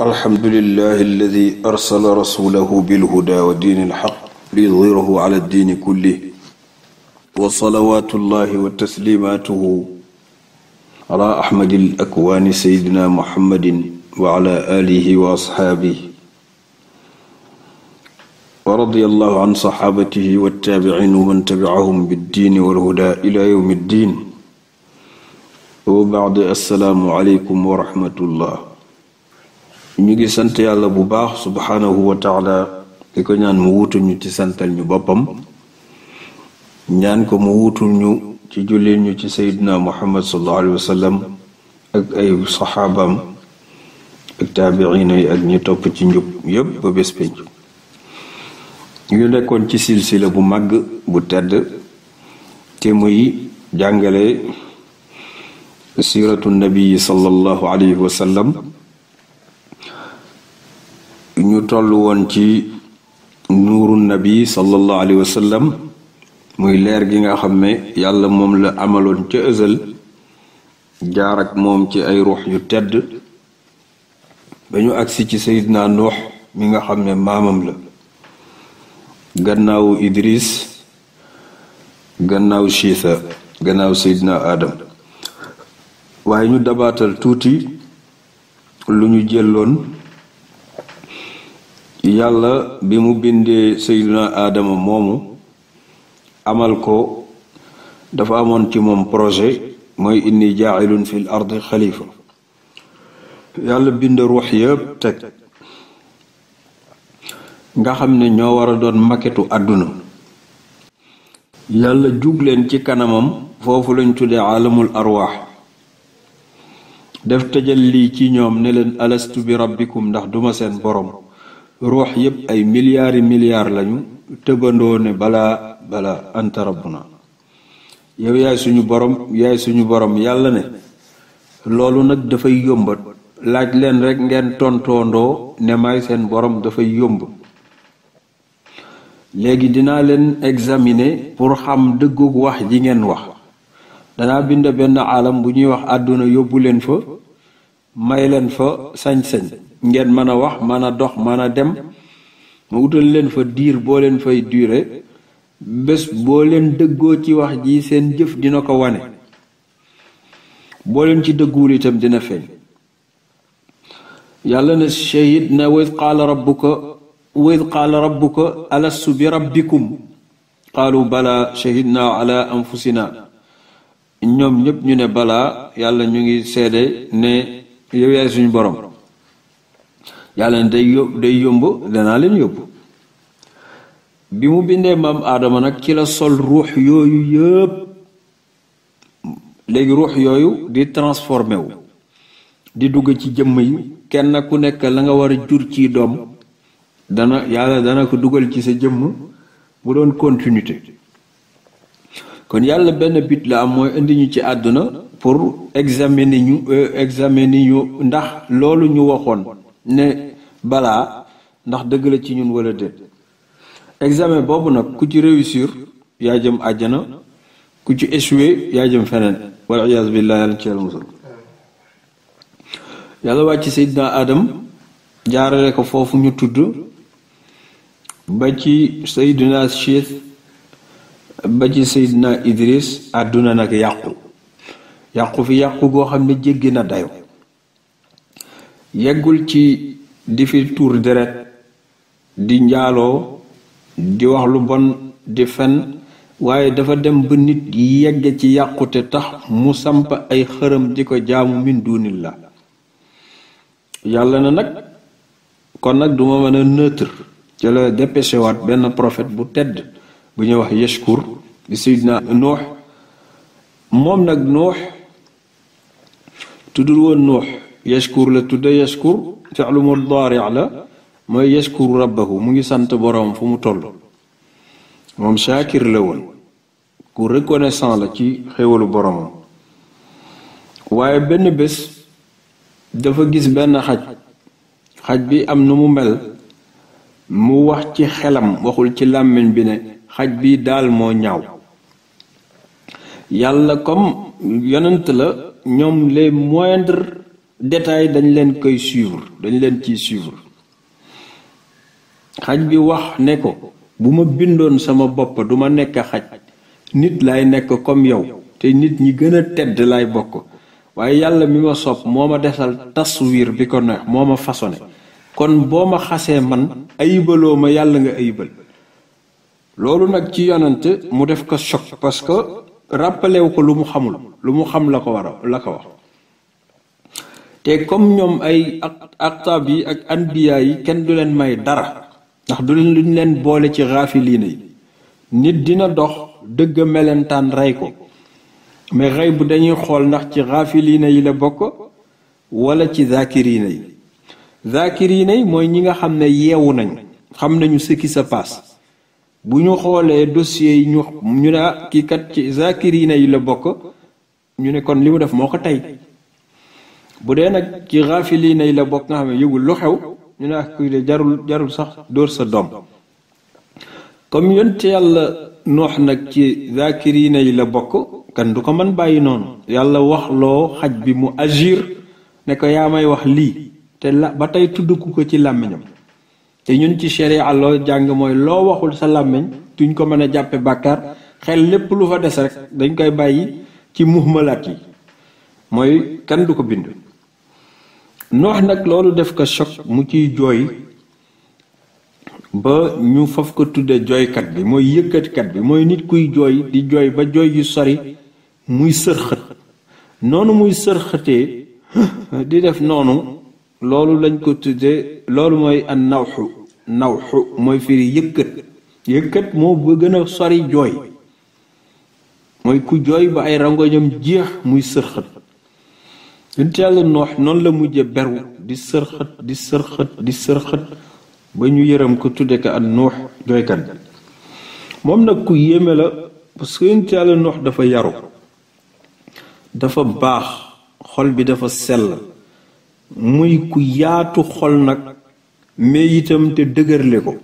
الحمد لله الذي أرسل رسوله بالهدى ودين الحق ليظهره على الدين كله وصلوات الله وتسليماته على أحمد الأكوان سيدنا محمد وعلى آله وأصحابه ورضي الله عن صحابته والتابعين ومن تبعهم بالدين والهدى إلى يوم الدين وبعد السلام عليكم ورحمة الله ñu ngi sant yàlla bu baax subhaanahu wa taala di ko ñaan mu wuutuñu ci santal ñu boppam ñaan ko mu wuutul ñu ci jullit ñu ci sayyidina muhammad sallallahu alayhi wa sallam ak taabiina yi ak ñu topp ci njub yépp ba bés penc ñu nekkoon ci silsila bu màgg bu tedd te muy jàngale siiratu nabi sallallahu alayhi wa sallam ñu tollu woon ci nuuru nabi sallallahu alayhi wa muy leer gi nga xam ne yàlla moom la amaloon ca ësal jaar ak moom ci ay ruux yu tedd dañu agsi ci sayidna nuux mi nga xam ne maamam la gannaaw idris gannaaw shiisa gannaaw sayidna adam waaye ñu dabaatal tuuti lu ñu jëloon yàlla bi mu bindee seyduna aadama moomu amal ko dafa amoon ci moom projet mooy inni jaailun fil ardi xalifa yàlla bind ruux yëpp teg nga xam ne ñoo war a doon maketu àdduna yàlla jug leen ci kanamam foofu lañ tuddee alamul def tëjal lii ci ñoom ne leen alastu bi rabbikum ndax duma seen borom ruux yépp ay milliards milliards lañu tëbandoo ne balaa balaa anta rabbuna yow yaay suñu borom yaay suñu boroom yàlla ne loolu nag dafay yombat laaj leen rekk ngeen tontoondoo ne may seen boroom dafay yomb léegi dinaa leen examiner pour xam dëggu wax ji ngeen wax danaa bind benn alam bu ñuy wax àdduna yóbbu leen fa may leen fa sañ-sañ ngeen mën a wax mën a dox mën a dem ma utal leen fa diir boo leen fay durer bés boo leen dëggoo ci wax ji seen jëf dina ko wane boo leen ci dëgguwul itam dina feeñ yàlla na shahid na wa id qaala rabbuka wa id qaala rabbuka alastu bi rabbikum qaalu bala shahidna ala anfusina ñoom ñépp ñu ne balaa yàlla ñu ngi seede ne yow yaay suñu borom yàlla ne day yób day yomb danaa leen yóbbu bi mu bindee maam aadama nag ci la sol ruux yooyu yëpp léegi ruux yooyu di transformé wu di dugg ci jëmm yi kenn ku nekk la nga war a jur ci doom dana yàlla dana ko dugal ci sa jëmm bu doon continuité kon yàlla benn bit la am mooy indi ñu ci àdduna pour examiner ñu euh, examiner ñu ndax loolu ñu waxoon ne balaa ndax dëgg la ci ñun wala déet examen boobu nag ku ci réussir yaa jëm àjjana ku ci échoué yaa jëm feneen wal iyaas billaah yàlla ci yàlla musul yàlla wàcc adam jaarale ko foofu ñu tudd ba ci seydina chiis ba ci seydina idris àdduna nag yàqu yàqu fi yàqu goo xam ne jéggi na dayo yeggul ci di fi tuur deret di njaaloo di wax lu bon di fen waaye dafa dem ba nit yegg ci yàqute tax mu samp ay xërëm di ko jaamu min la yàlla na nag kon nag duma mën a neutre ci la dépêché waat benn profet bu tedd bu ñuy wax yashkur di sayyidina nuux moom nag nuux tuddul woon nuux yashkur la tudda yashkur fi'lu mudaari la mooy yashkuru rabbahu mu ngi sant boroom fu mu toll moom shaakir la woon ku reconnaissant la ci xéwalu boroomam waaye benn bés dafa gis benn xaj xaj bi am nu mu mel mu wax ci xelam waxul ci làmmiñ bi ne xaj bi daal moo ñaaw yàlla comme yonent la ñoom les moindres détail dañ leen koy suivre dañ leen ciy suivre xaj bi wax ne ko bu ma bindoon sama bopp duma nekk xaj nit lay nekk comme yow te nit ñi gën a tedd laay bokk waaye yàlla mi ma sopp moo ma desal taswiir bi ko neex moo ma façonné kon boo ma xasee man ayibaloo ma yàlla nga ayibal loolu nag ci yonante mu def ko choc parce que rappelé ko lu mu xamul lu mu xam la ko war la ko wax te comme ñoom ay aqtaab yi ak anbiya yi kenn du leen may dara ndax du leen luñ leen boole ci raafiliina yi nit dina dox dëgg a melentaan rey ko mais rey bu dañuy xool ndax ci raafiliina yi la bokk wala ci zaakiriina yi zaakiriina mooy ñi nga xam ne yeewu nañ xam nañu ce sa paas bu ñu xoolee dossier yi ñu ñu ne ah, kii kat ci zaakiriina yi la bokk ñu ne kon li mu def moo ko tey bu dee nag ci xaafiliin yi la bokk nga xam ne yëgul lu xew ñu ne ak ah kuy de jarul jarul sax dóor sa doom comme ci yàlla noox nag ci zaakiriina yi la bokk kan du ko mën bàyyi noonu yàlla wax loo xaj bi mu agir ne ko yaa may wax lii te la ba tey tudd ko ci làmmiñam te ñun ci sharia loo jàng mooy loo waxul sa làmmiñ duñ ko mën a jàppe bàkkaar xel lépp lu fa des rek dañ koy bàyyi ci muhmalaat yi mooy kan du ko bind noox nag loolu def ko choc mu ciy jooy ba ñu faf ko tudde jooykat bi mooy yëkkatkat bi mooy nit kuy jooy di jooy ba jooy yu sori muy sërxët noonu muy sërxëtee di def noonu loolu lañ ko tudde loolu mooy an nawxu nawxu mooy firi yëkkat yëkkat moo gën a sori jooy mooy ku jooy ba ay rangoñam jeex muy sërxët yonent yàlla noox noonu la mujje beru di sërxët di sërxët ba ñu yërëm ko tudde ko ak noox jooykan moom nag ku yéeme la parce que yonent yàlla noox dafa yaru dafa baax xol bi dafa sell muy ku yaatu xol nag mais itam te dëgërle ko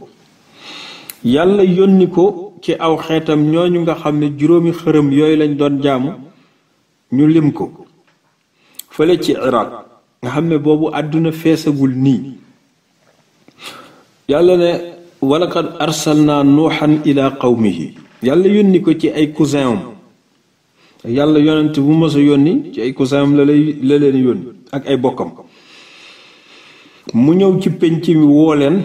yàlla yónni ko ci aw xeetam ñooñu nga xam ne juróomi xërëm yooyu lañ doon jaamu ñu lim ko fële ci iraq nga xam ne boobu àdduna feesagul nii yàlla ne walaqad arsalna nuuxan ila qawmihi yàlla yónni ko ci ay cousin am yàlla yonent bu mës a yónni ci ay cousin am la leen yónni ak ay bokkam mu ñëw ci penc mi woo leen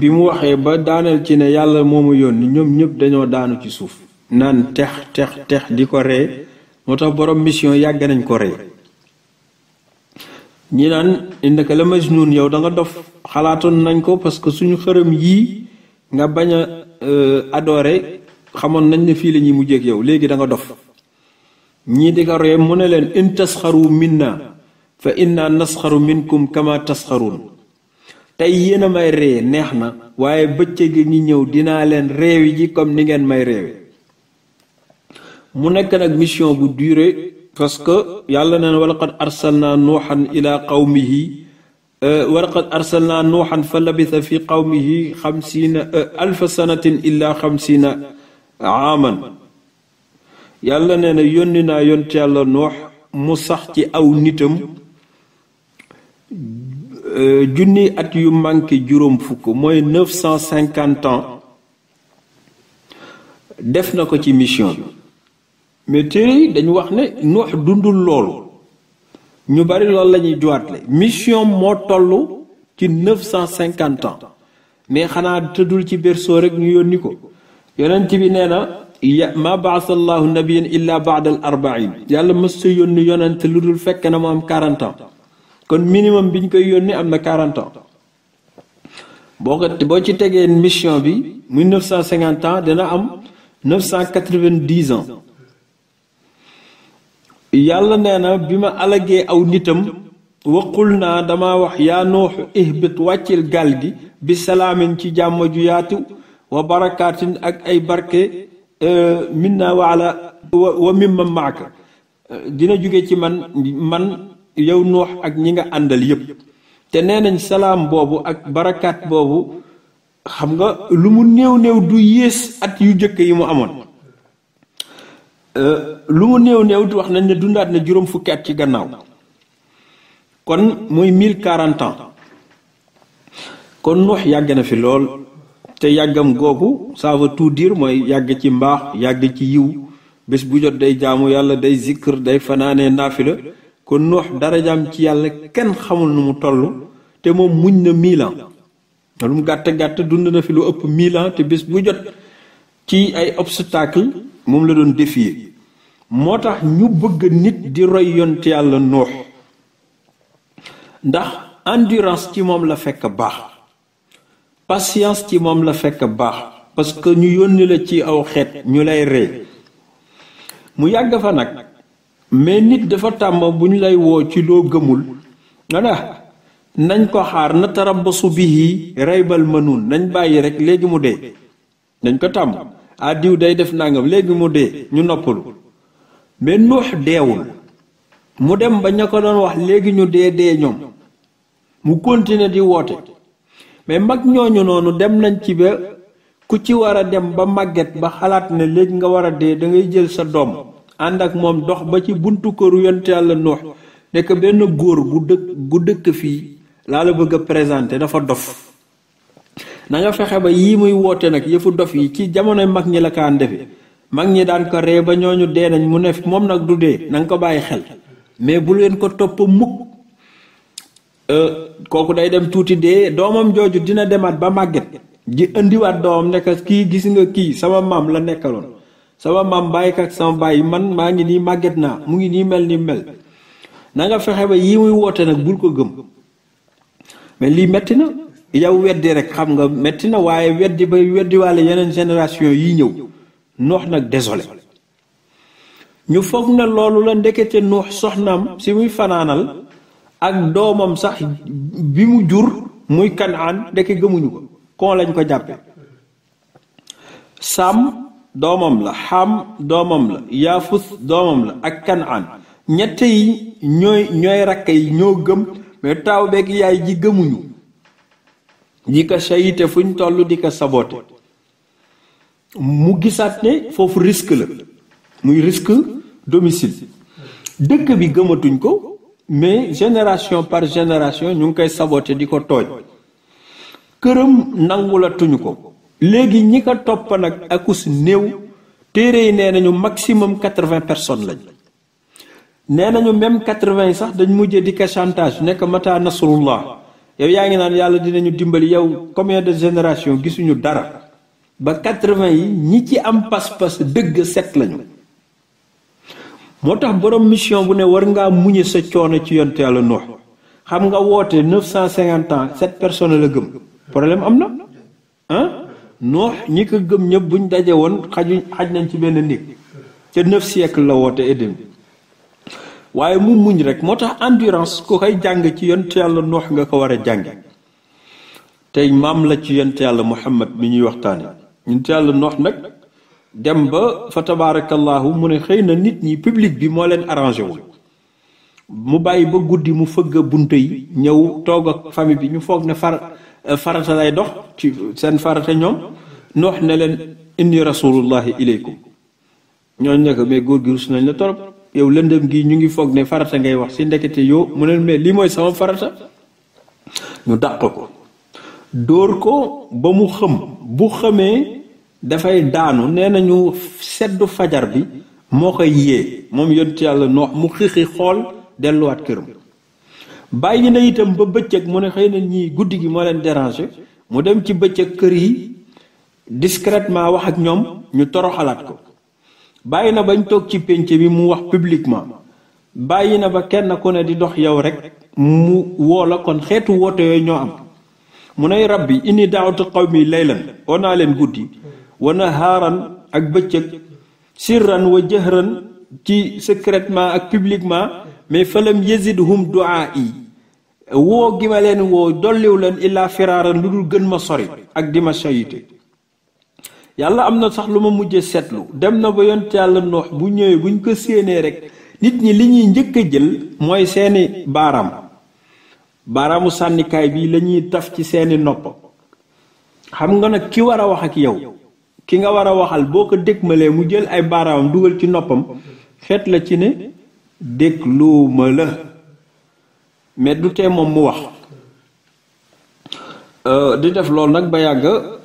bi mu waxee ba daaneel ci ne yàlla moomu yónni ñoom ñëpp dañoo daanu ci suuf naan tex tex tex di ko ree moo tax borom mission yàgg nañ ko rey ñi naan innaka la majnun yow da nga dof xalaatoon nañ ko parce que suñu xërëm yii nga bañ a euh, adoré xamoon nañ ne fii lañuy mujjeek mujjee yow léegi da nga dof ñii di ko ree mu ne leen in tasxaru minna fa inna nasxaru minkum kama tasxaruun tey yéen a may ree neex na waaye bëccëg gi ngi ñëw dinaa leen réewi ji comme ni ngeen may réewi mu nekk nag mission bu durée parce que yàlla neen walaqad arsalna nuuxan ila qawmihi euh, walaqad arsalna nuuxan fa labitha fi qawmihi xamsiina euh, alfa sanatin illa xamsiina aaman yàlla nee na yónni naa yont yàlla nuux mu sax ci aw nitam euh, junni at yu manqué juróom fukk mooy neuf def na ko ci mission mais téere yi dañu wax ne noox dundul loolu ñu bari loolu la ñuy joxaatle mission moo tollu ci neuf cent cinquante mais xanaa tëddul ci berceau rek ñu yónni ko yonent bi nee na ma baasa allahu nabiyan illa baada al arbain yàlla mës sa yónni yonent lu dul fekk na mu am kon minimum bi ñu koy yónni am na quarante ans boo ko boo ci tegee mission bi muy neuf cent cinquante dina am neuf ans yàlla nee na bi ma alagee aw nitam waqul naa dama wax yaa nooxu ihbit wàccil gaal gi bi salaamin ci jàmm ju yaatu wa barakaatin ak ay barke euh, minna wa ala mimma maaka dina jóge ci man man yow noox ak ñi nga àndal yépp te nee nañ salaam boobu ak barakaat boobu xam nga lu mu néew néew du yées at yu jëkk yi mu amoon Euh, lu mu néew di wax nañ ne dundaat na juróom fukki ci gannaaw kon mooy mille quarante ans kon nuux yàgg na fi lool te yàggam googu ça veut tout mooy yàgg ci mbaax yàgg ci yiw bés bu jot day jaamu yàlla day zikr day fanaane naafila kon dara darajaam ci yàlla kenn xamul nu mu toll te moom muñ na mille ans lu gàtt gàtt dund na fi lu ëpp mille te bés bu jot ci ay obstacle moom la doon défier moo tax ñu bëgg nit di roy yonte yàlla noox ndax endurance ci moom la fekk baax patience ci moom la fekk baax parce que ñu yónni la ci aw xeet ñu lay rey mu yàgg fa nag mais nit dafa tàmm bu ñu lay woo ci loo gëmul nga nañ ko xaar na tarabbasu bihi raybal manuun nañ bàyyi rek léegi mu dee dañ ko tàmm ah diw day def nangam léegi mu dee ñu noppalu mais nuux deewul mu dem ba ña ko doon wax léegi ñu dee dee ñoom mu continuer di woote mais mag ñooñu noonu dem nañ ci ba ku ci war a dem ba màgget ba xalaat ne léegi nga war a dee da ngay jël sa doom ànd ak moom dox ba ci buntu këru yonte yàlla nuux nekk benn góor bu dëkk dëkk fii laa la bëgg a présenté dafa dof na fexe ba yii muy woote nag yëfu dof yi ci jamonoy mag ñi la kaan defe mag ñi daan ko ree ba ñu dee nañ mu ne moom nag du dee na ko bàyyi xel mais bu leen ko topp mukk euh, kooku day dem tuuti dee doomam jooju dina demaat ba màgget ji indiwaat doomam nekk kii gis nga kii sama maam la nekkaloon sama maam bàyyi ak sama man maa ngi nii màgget naa mu ngi nii mel ni mel na fexe ba yii muy woote nag bul ko gëm mais lii metti na yow weddi rek xam nga metti na waaye weddi ba weddiwaale yeneen génération yi ñëw noox nag désolé ñu foog na loolu la ndekete noox soxnaam si muy fanaanal ak doomam sax bi mu jur muy kanaan ndeke gëmuñu ko kon lañ ko jàppe sam doomam la xam doomam la yaafus doomam la ak kanaan ñett yi ñooy ñooy rakk yi ñoo gëm mais taaw beeg yaay ji gëmuñu di ko sayite fu ñu toll di ko sabote mu gisaat ne foofu risque la muy risque domicile dëkk bi gëmatuñ ko mais génération par génération ñu ngi koy sabote di ko tooñ këram nangulatuñu ko léegi ñi ko topp nag akus néew téere yi nee nañu maximum quatre-vingts personnes lañ nee nañu même quatre-vingts sax dañ mujje di ko chantage nekk mata nasrullah yow yaa ngi naan yàlla dinañu dimbali yow combien de génération gisuñu dara ba quatre-vingt yi ñi ci am pas-pas dëgg set lañu moo tax borom mission bu ne war ngaa muñe sa coono ci yonte yàlla noox xam nga woote neuf cent cinquante ans sept personnes la gëm problème am na ah noox ñi ko gëm ñëpp buñ daje woon xaju xaj nañ ci benn néeg ca neuf siècle la woote et waaye mu muñ rek moo tax endurance ku koy jàng ci yonent yàlla noox nga ko war a jàng tey maam la ci yonent yàlla muhammad mi ñuy waxtaane yonent yàlla noox nag dem ba fa tabaarakallaahu mu ne xëy na nit ñi public bi moo leen arrangé wul mu bàyyi ba guddi mu fëgg a bunte yi ñëw toog ak bi ñu foog ne far farata lay dox ci seen farata ñoom noox ne leen inni rasulullahi ilaykum ñooñ ne ko mais góor gi rus nañ la torop yow lëndëm gi ñu ngi foog ne farata ngay wax si ndekete yow mu ne mais lii mooy sama farata ñu dàq ko dóor ko ba mu xëm bu xëmee dafay daanu nee nañu seddu fajar bi moo koy yee moom yont yàlla noox mu xixi xool delluwaat këram bàyyi na itam ba bëccëg mu ne xëy na ñii guddi gi moo leen déranger mu dem ci bëccëg kër yi discrètement wax ak ñoom ñu xalaat ko bàyyi na bañ toog ci pénc bi mu wax publiquement bàyyi na ba kenn ko ne di dox yow rek mu woo la kon xeetu woote yooyu ñoo am mu ne rabbi inni daawatu qawmi laylan woo naa leen guddi wa nahaaran ak bëccëg sirran wa jëhran ci secrètement ak publiquement mais falam yazidhum duaa yi woo gi ma leen woo dolliw leen illaa firaaran lu dul gën ma sori ak di ma sayite yàlla am na sax lu ma mujje seetlu dem na ba yont yàlla noox bu ñëwee buñ ko séenee rek nit ñi li ñuy njëkk a jël mooy seeni baaraam baaraamu sànnikaay bi lañuy taf ci seeni nopp xam nga nag ki war a wax ak yow ki nga war a waxal boo ko dégmalee mu jël ay baaraamam dugal ci noppam xeet la ci ne dégluuma la mais du tee moom mu wax euh, di def loolu nag ba yàgg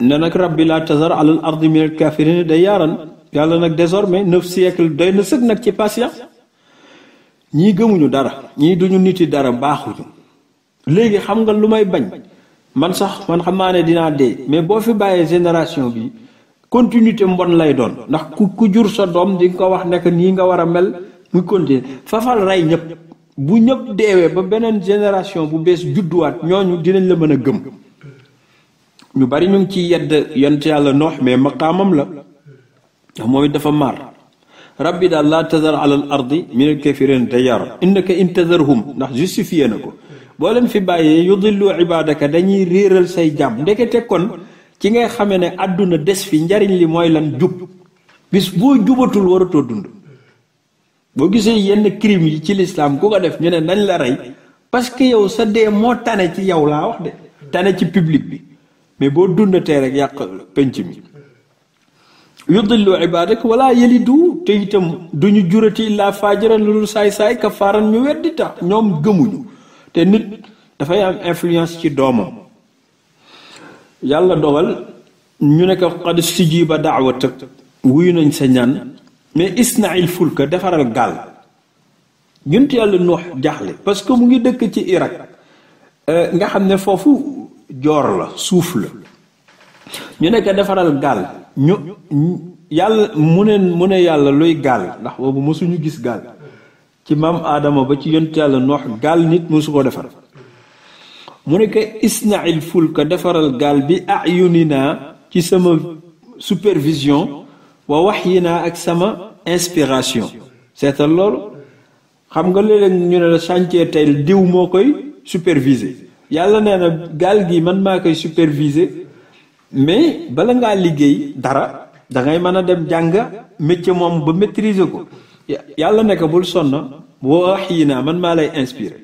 ne nag rabbi laa tazar alal ardi minal day dayyaaran yàlla nag désormais neuf siècles doy na sëg nag ci patience ñii gëmuñu dara ñii duñu niti dara baaxuñu léegi xam nga lu may bañ man sax man xamaa ne dinaa dee mais boo fi bàyyee génération bi continuité mbon lay doon ndax ku ku jur sa doom di nga ko wax nekk nii nga war a mel muy continuer fafal rey ñëpp bu ñëpp deewee ba beneen génération bu bees judduwaat ñooñu dinañ la mën a gëm ñu bari ñu ngi ci yedd yont yàlla noox mais maqaamam la ndax moom it dafa maar rabbi daal laa tazar ala al ardi min al kafirin dayara innaka intazarhum ndax justifié na ko boo leen fi bàyyee yudillu ibadaka dañuy réeral say jàmm ndekete kon ci ngay xamee ne àdduna des fi njariñ li mooy lan jub bis boo jubatul waratoo dund boo gisee yenn kirim yi ci lislaam ku ko def ñu ne nañ la rey parce que yow sa dee moo tane ci yow laa wax de tane ci public bi mais boo dundatee rek yàq pénc mi yudillu ibaadak wala yalidu te itam du ñu jurati illaa faajiran lu dul saay-saay kafaaran ñu weddi ta ñoom gëmuñu te nit dafay am influence ci doomam yàlla dogal ñu ne ko ba stujiba daawatak wuyu nañ sa ñaan mais isnail fulka defaral gaal ñunt yàlla noox jaxle parce que mu ngi dëkk ci Irak euh, nga xam ne foofu joor la suuf la ñu ko defaral gaal yàlla mu ne mu ne yàlla luy gaal ndax boobu mosuñu gis gaal ci maam aadama ba ci yont yàlla noox gaal nit mosu ko defar mu ne ko isnail fulka defaral gaal bi naa ci sama supervision wa naa ak sama inspiration seetal loolu xam nga léeg ñu ne la chantier tey diw moo koy superviser yàlla nee na gaal gi man maa koy superviser mais bala ngaa liggéey dara dangay ngay mën a dem jàng métier moom ba maîtriser ko yàlla ne ko bul sonn wax yi naa man maa lay inspiré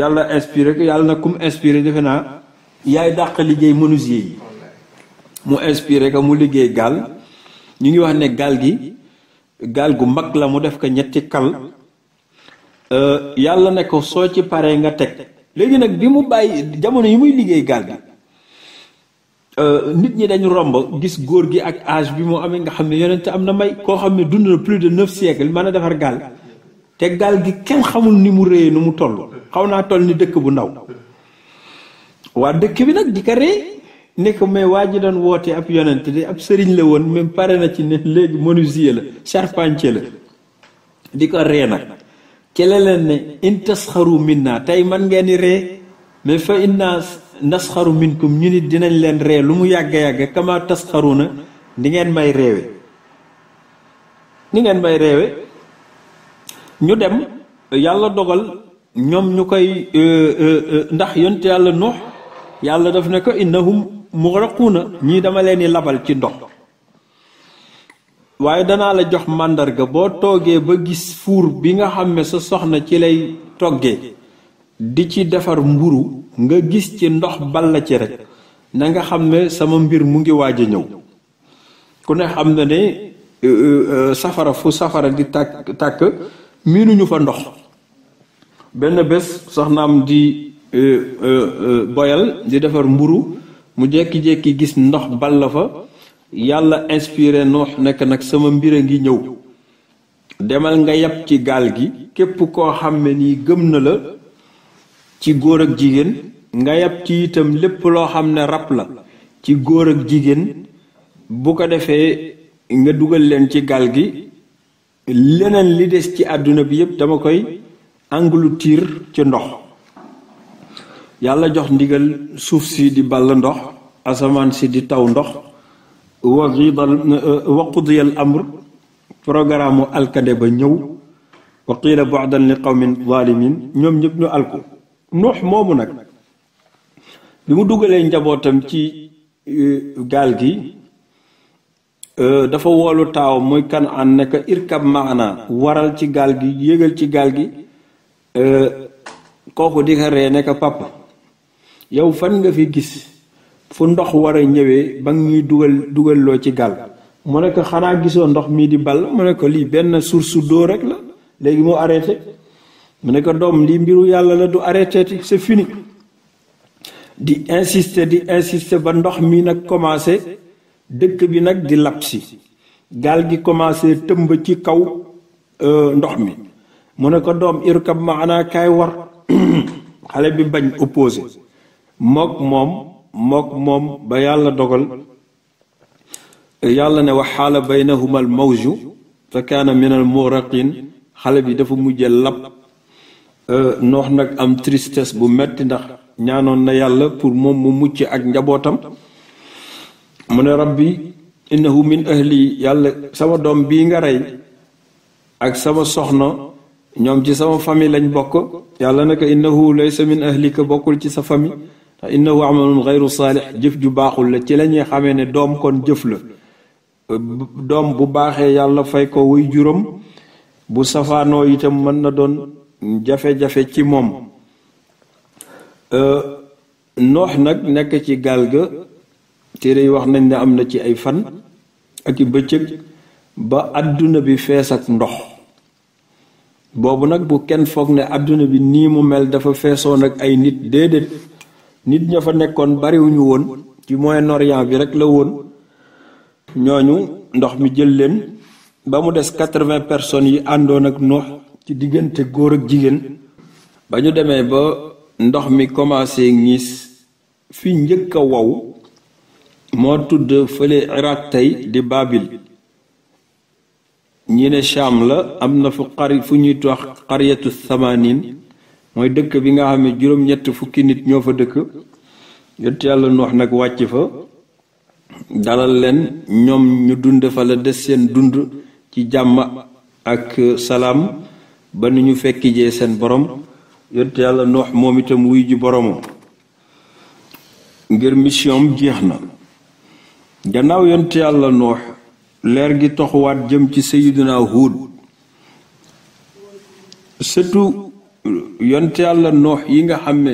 yàlla inspiré ko yàlla nag ku mu defe naa yaay dàq liggéey menuisier yi mu inspiré ko mu liggéey gaal ñu ngi wax ne gaal gi gaal gu mag la mu def ko ñetti kal euh, yàlla ne ko soo ci paree nga teg léegi nag bi mu bàyyi jamono yi muy liggéey gaal gi euh, nit ñi dañu romb gis góor gi ak âge bi mu amee nga xam ne yonent am na may koo xam ne dund na plus de neuf siècles mën a defar gaal te gaal gi kenn xamul ni mu réyee nu mu toll xaw naa toll ni dëkk bu ndaw waa dëkk bi nag di ko ree nekk mais waa ji doon woote ab yonent de ab sëriñ la woon même pare na ci ne léegi menuisier la charpentier la di ko ree nag ci la leen ne in tasxaru minna tey man ngeen di ree mais fa inna nasxaru minkum ñu nit dinañ leen ree lu mu yàgga-yàgga kama tasxaruna ni ngeen may réewe ni ngeen may réewe ñu dem yàlla dogal ñoom ñu koy euh, euh, euh, ndax yont yàlla nuux yàlla daf ne ko mu innahum muxraquuna ñii dama leen di labal ci ndox waaye danaa la jox màndarga boo toogee ba gis fuur bi nga xam ne sa soxna ci lay toggee di ci defar mburu nga gis ci ndox balla ci rek na nga xam ne sama mbir mu ngi waaj a ñëw ku ne xam na ne euh, euh, safara fu safara di takk tàkk miinuñu fa ndox benn bés soxnaam di euh, boyal di defar mburu mu jékki-jékki gis ndox balla fa yàlla inspire noox nekk nag sama mbir a ngi ñëw demal nga yab ci gaal gi képp koo xam ne nii gëm na la ci góor ak jigéen nga yab ci itam lépp loo xam ne rab la ci góor ak jigéen bu ko defee nga dugal leen ci gaal gi leneen li des ci àdduna bi yépp dama koy engloutir ci ndox yàlla jox ndigal suuf si di ball ndox asamaan si di taw ndox wa wa qudiya amr programme alkade ba ñëw wa qiila ba'dan li qawmin zalimin ñoom ñëpp ñu alku nuux moomu nag bi mu dugalee njabootam ci e, gaal gi e, dafa woolu taaw mooy Kanaan nekk irkab maana waral ci gaal gi yégal ci gaal gi e, kooku di ko ree nekk papa yow fan nga fi gis fu ndox war a ñëwee ba ñuy dugal dugalloo ci gaal mu ne ko xanaa gisoo ndox mii di bal mu ne ko lii benn source d'eau rek la léegi mu arrêté mu ne ko doom lii mbiru yàlla la du arrêté ti c'est fini di insisté di insister ba ndox mi nag commencé dëkk bi nag di lapsi si gaal gi commencé tëmb ci kaw euh, ndox mi mu ne ko doom irkab ma anaa kaay war xale bi bañ opposé mook moom mook moom ba yàlla dogal yàlla ne wax xaala baynahuma al mawju fa kaana min al muraqin xale bi dafa mujje lab euh, noox nag am tristesse bu metti ndax ñaanoon na yàlla pour moom mu mucc ak njabootam mu ne rabbi innahu min ahli yàlla sama doom bii nga rey ak sama soxna ñoom ci sama famille lañ bokk yàlla naka innahu laysa min ahlika bokkul ci sa famille ndax innahu amalun xayru saalix jëf ju baaxul la ci lañuy ñuy xamee ne doom kon jëf la doom bu baaxee yàlla fay ko wuy juróom bu safaanoo itam mën na doon jafe-jafe ci moom euh, noox nag nekk ci gaal ga téere yi wax nañ ne am na ci ay fan ak i bëccëg ba àdduna bi fees ak ndox boobu nag bu kenn foog ne àdduna bi nii mu mel dafa feesoo nag ay nit déedéet nit ña fa nekkoon bariwuñu woon ci Moyen-Orient bi rek la woon ñooñu ndox mi jël leen ba mu des quatre-vingts personnes yi àndoon ak noox ci diggante góor ak jigéen ba ñu demee ba ndox mi commencé ngis fi njëkk a wow moo tudd fële Irak tey di Babil ñi ne Cham la am na fu xari fu ñuy wax xariyatu samanin mooy dëkk bi nga xam ne juróom-ñett fukki nit ñoo fa dëkk yonent yàlla noox nag wàcc fa dalal leen ñoom ñu dund fa la des seen dund ci jàmm ak salaam ba nu ñu fekki jee seen borom yonent yàlla noox moom itam wuy ji boromam ngir mission jeex na gannaaw yonent yàlla noox leer gi toxuwaat jëm ci Seydina Huud surtout yont yàlla noox yi nga xam ne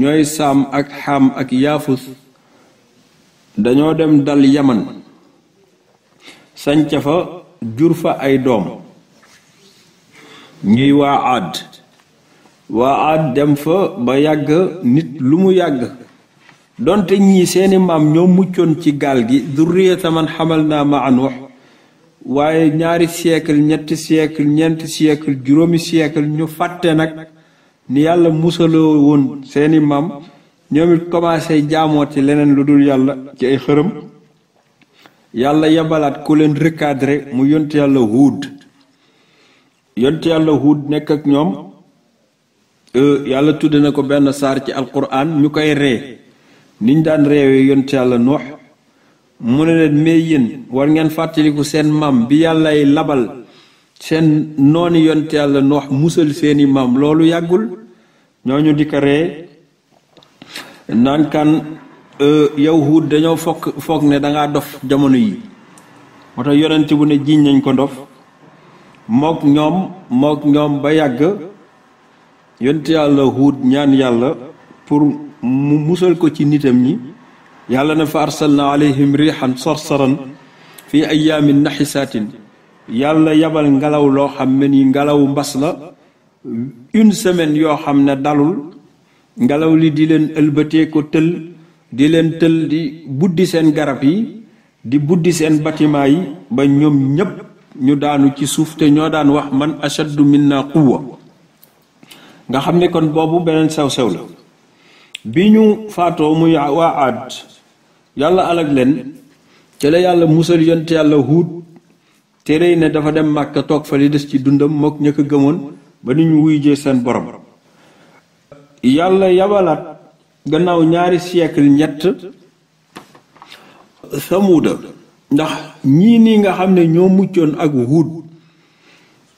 ñooy saam ak xam ak yaafus dañoo dem dal yaman sanca jur fa ay doom ñuy waa aad waa aad dem fa ba yàgg nit lu mu yàgg donte ñi seeni maam ñoo muccoon ci gaal gi durriyata man xamal naa ma an wax waaye ñaari siècle ñetti siècle ñeenti siècle juróomi siècle ñu fàtte nag ni yàlla musaloo woon seeni maam ñoom it commencé jaamoo ci leneen lu dul yàlla ci ay xërëm yàlla yebalaat ku leen recadré mu yont yàlla huud yont yàlla huud nekk ak ñoom e, yàlla tudd na ko benn saar ci alquran ñu koy ree niñ daan reewee yont yàlla noox mu ne leen mais yéen war ngeen fàttaliku seen maam bi yàllay labal seen nooni yonte yàlla noox musal seeni maam loolu yàggul ñooñu di ko ree naan euh, yow Huud dañoo fokk ne dangaa dof jamono yi moo tax yonent bu ne jiiñ nañ ko ndof mook ñoom mook ñoom ba yàgg yonte yàlla Huud ñaan yàlla pour mu musal ko ci nitam yi yàlla na fa arsalna alayhim rihan sarsaran fi ayaamin naxisaatin yàlla yabal ngelaw loo xam ne ni ngelawu mbas la une semaine yoo xam ne dalul ngelaw li di leen ëlbatee ko tël di leen tël di buddi seen garab yi di buddi seen bâtiment yi ba ñoom ñépp ñu daanu ci suuf te ñoo daan wax man ashaddu minna quwwa nga xam ne kon boobu beneen sew sew la bi ñu faatoo muy waa aad yàlla alag leen ca yàlla musal yonte yàlla huut téere ne dafa dem màkka toog fa li des ci dundam mook ña ko gëmoon ba ni ñu wuy jee seen borom yàlla yabalaat gannaaw ñaari siècle ñett samuuda ndax ñii nii nga xam ne ñoo muccoon ak huut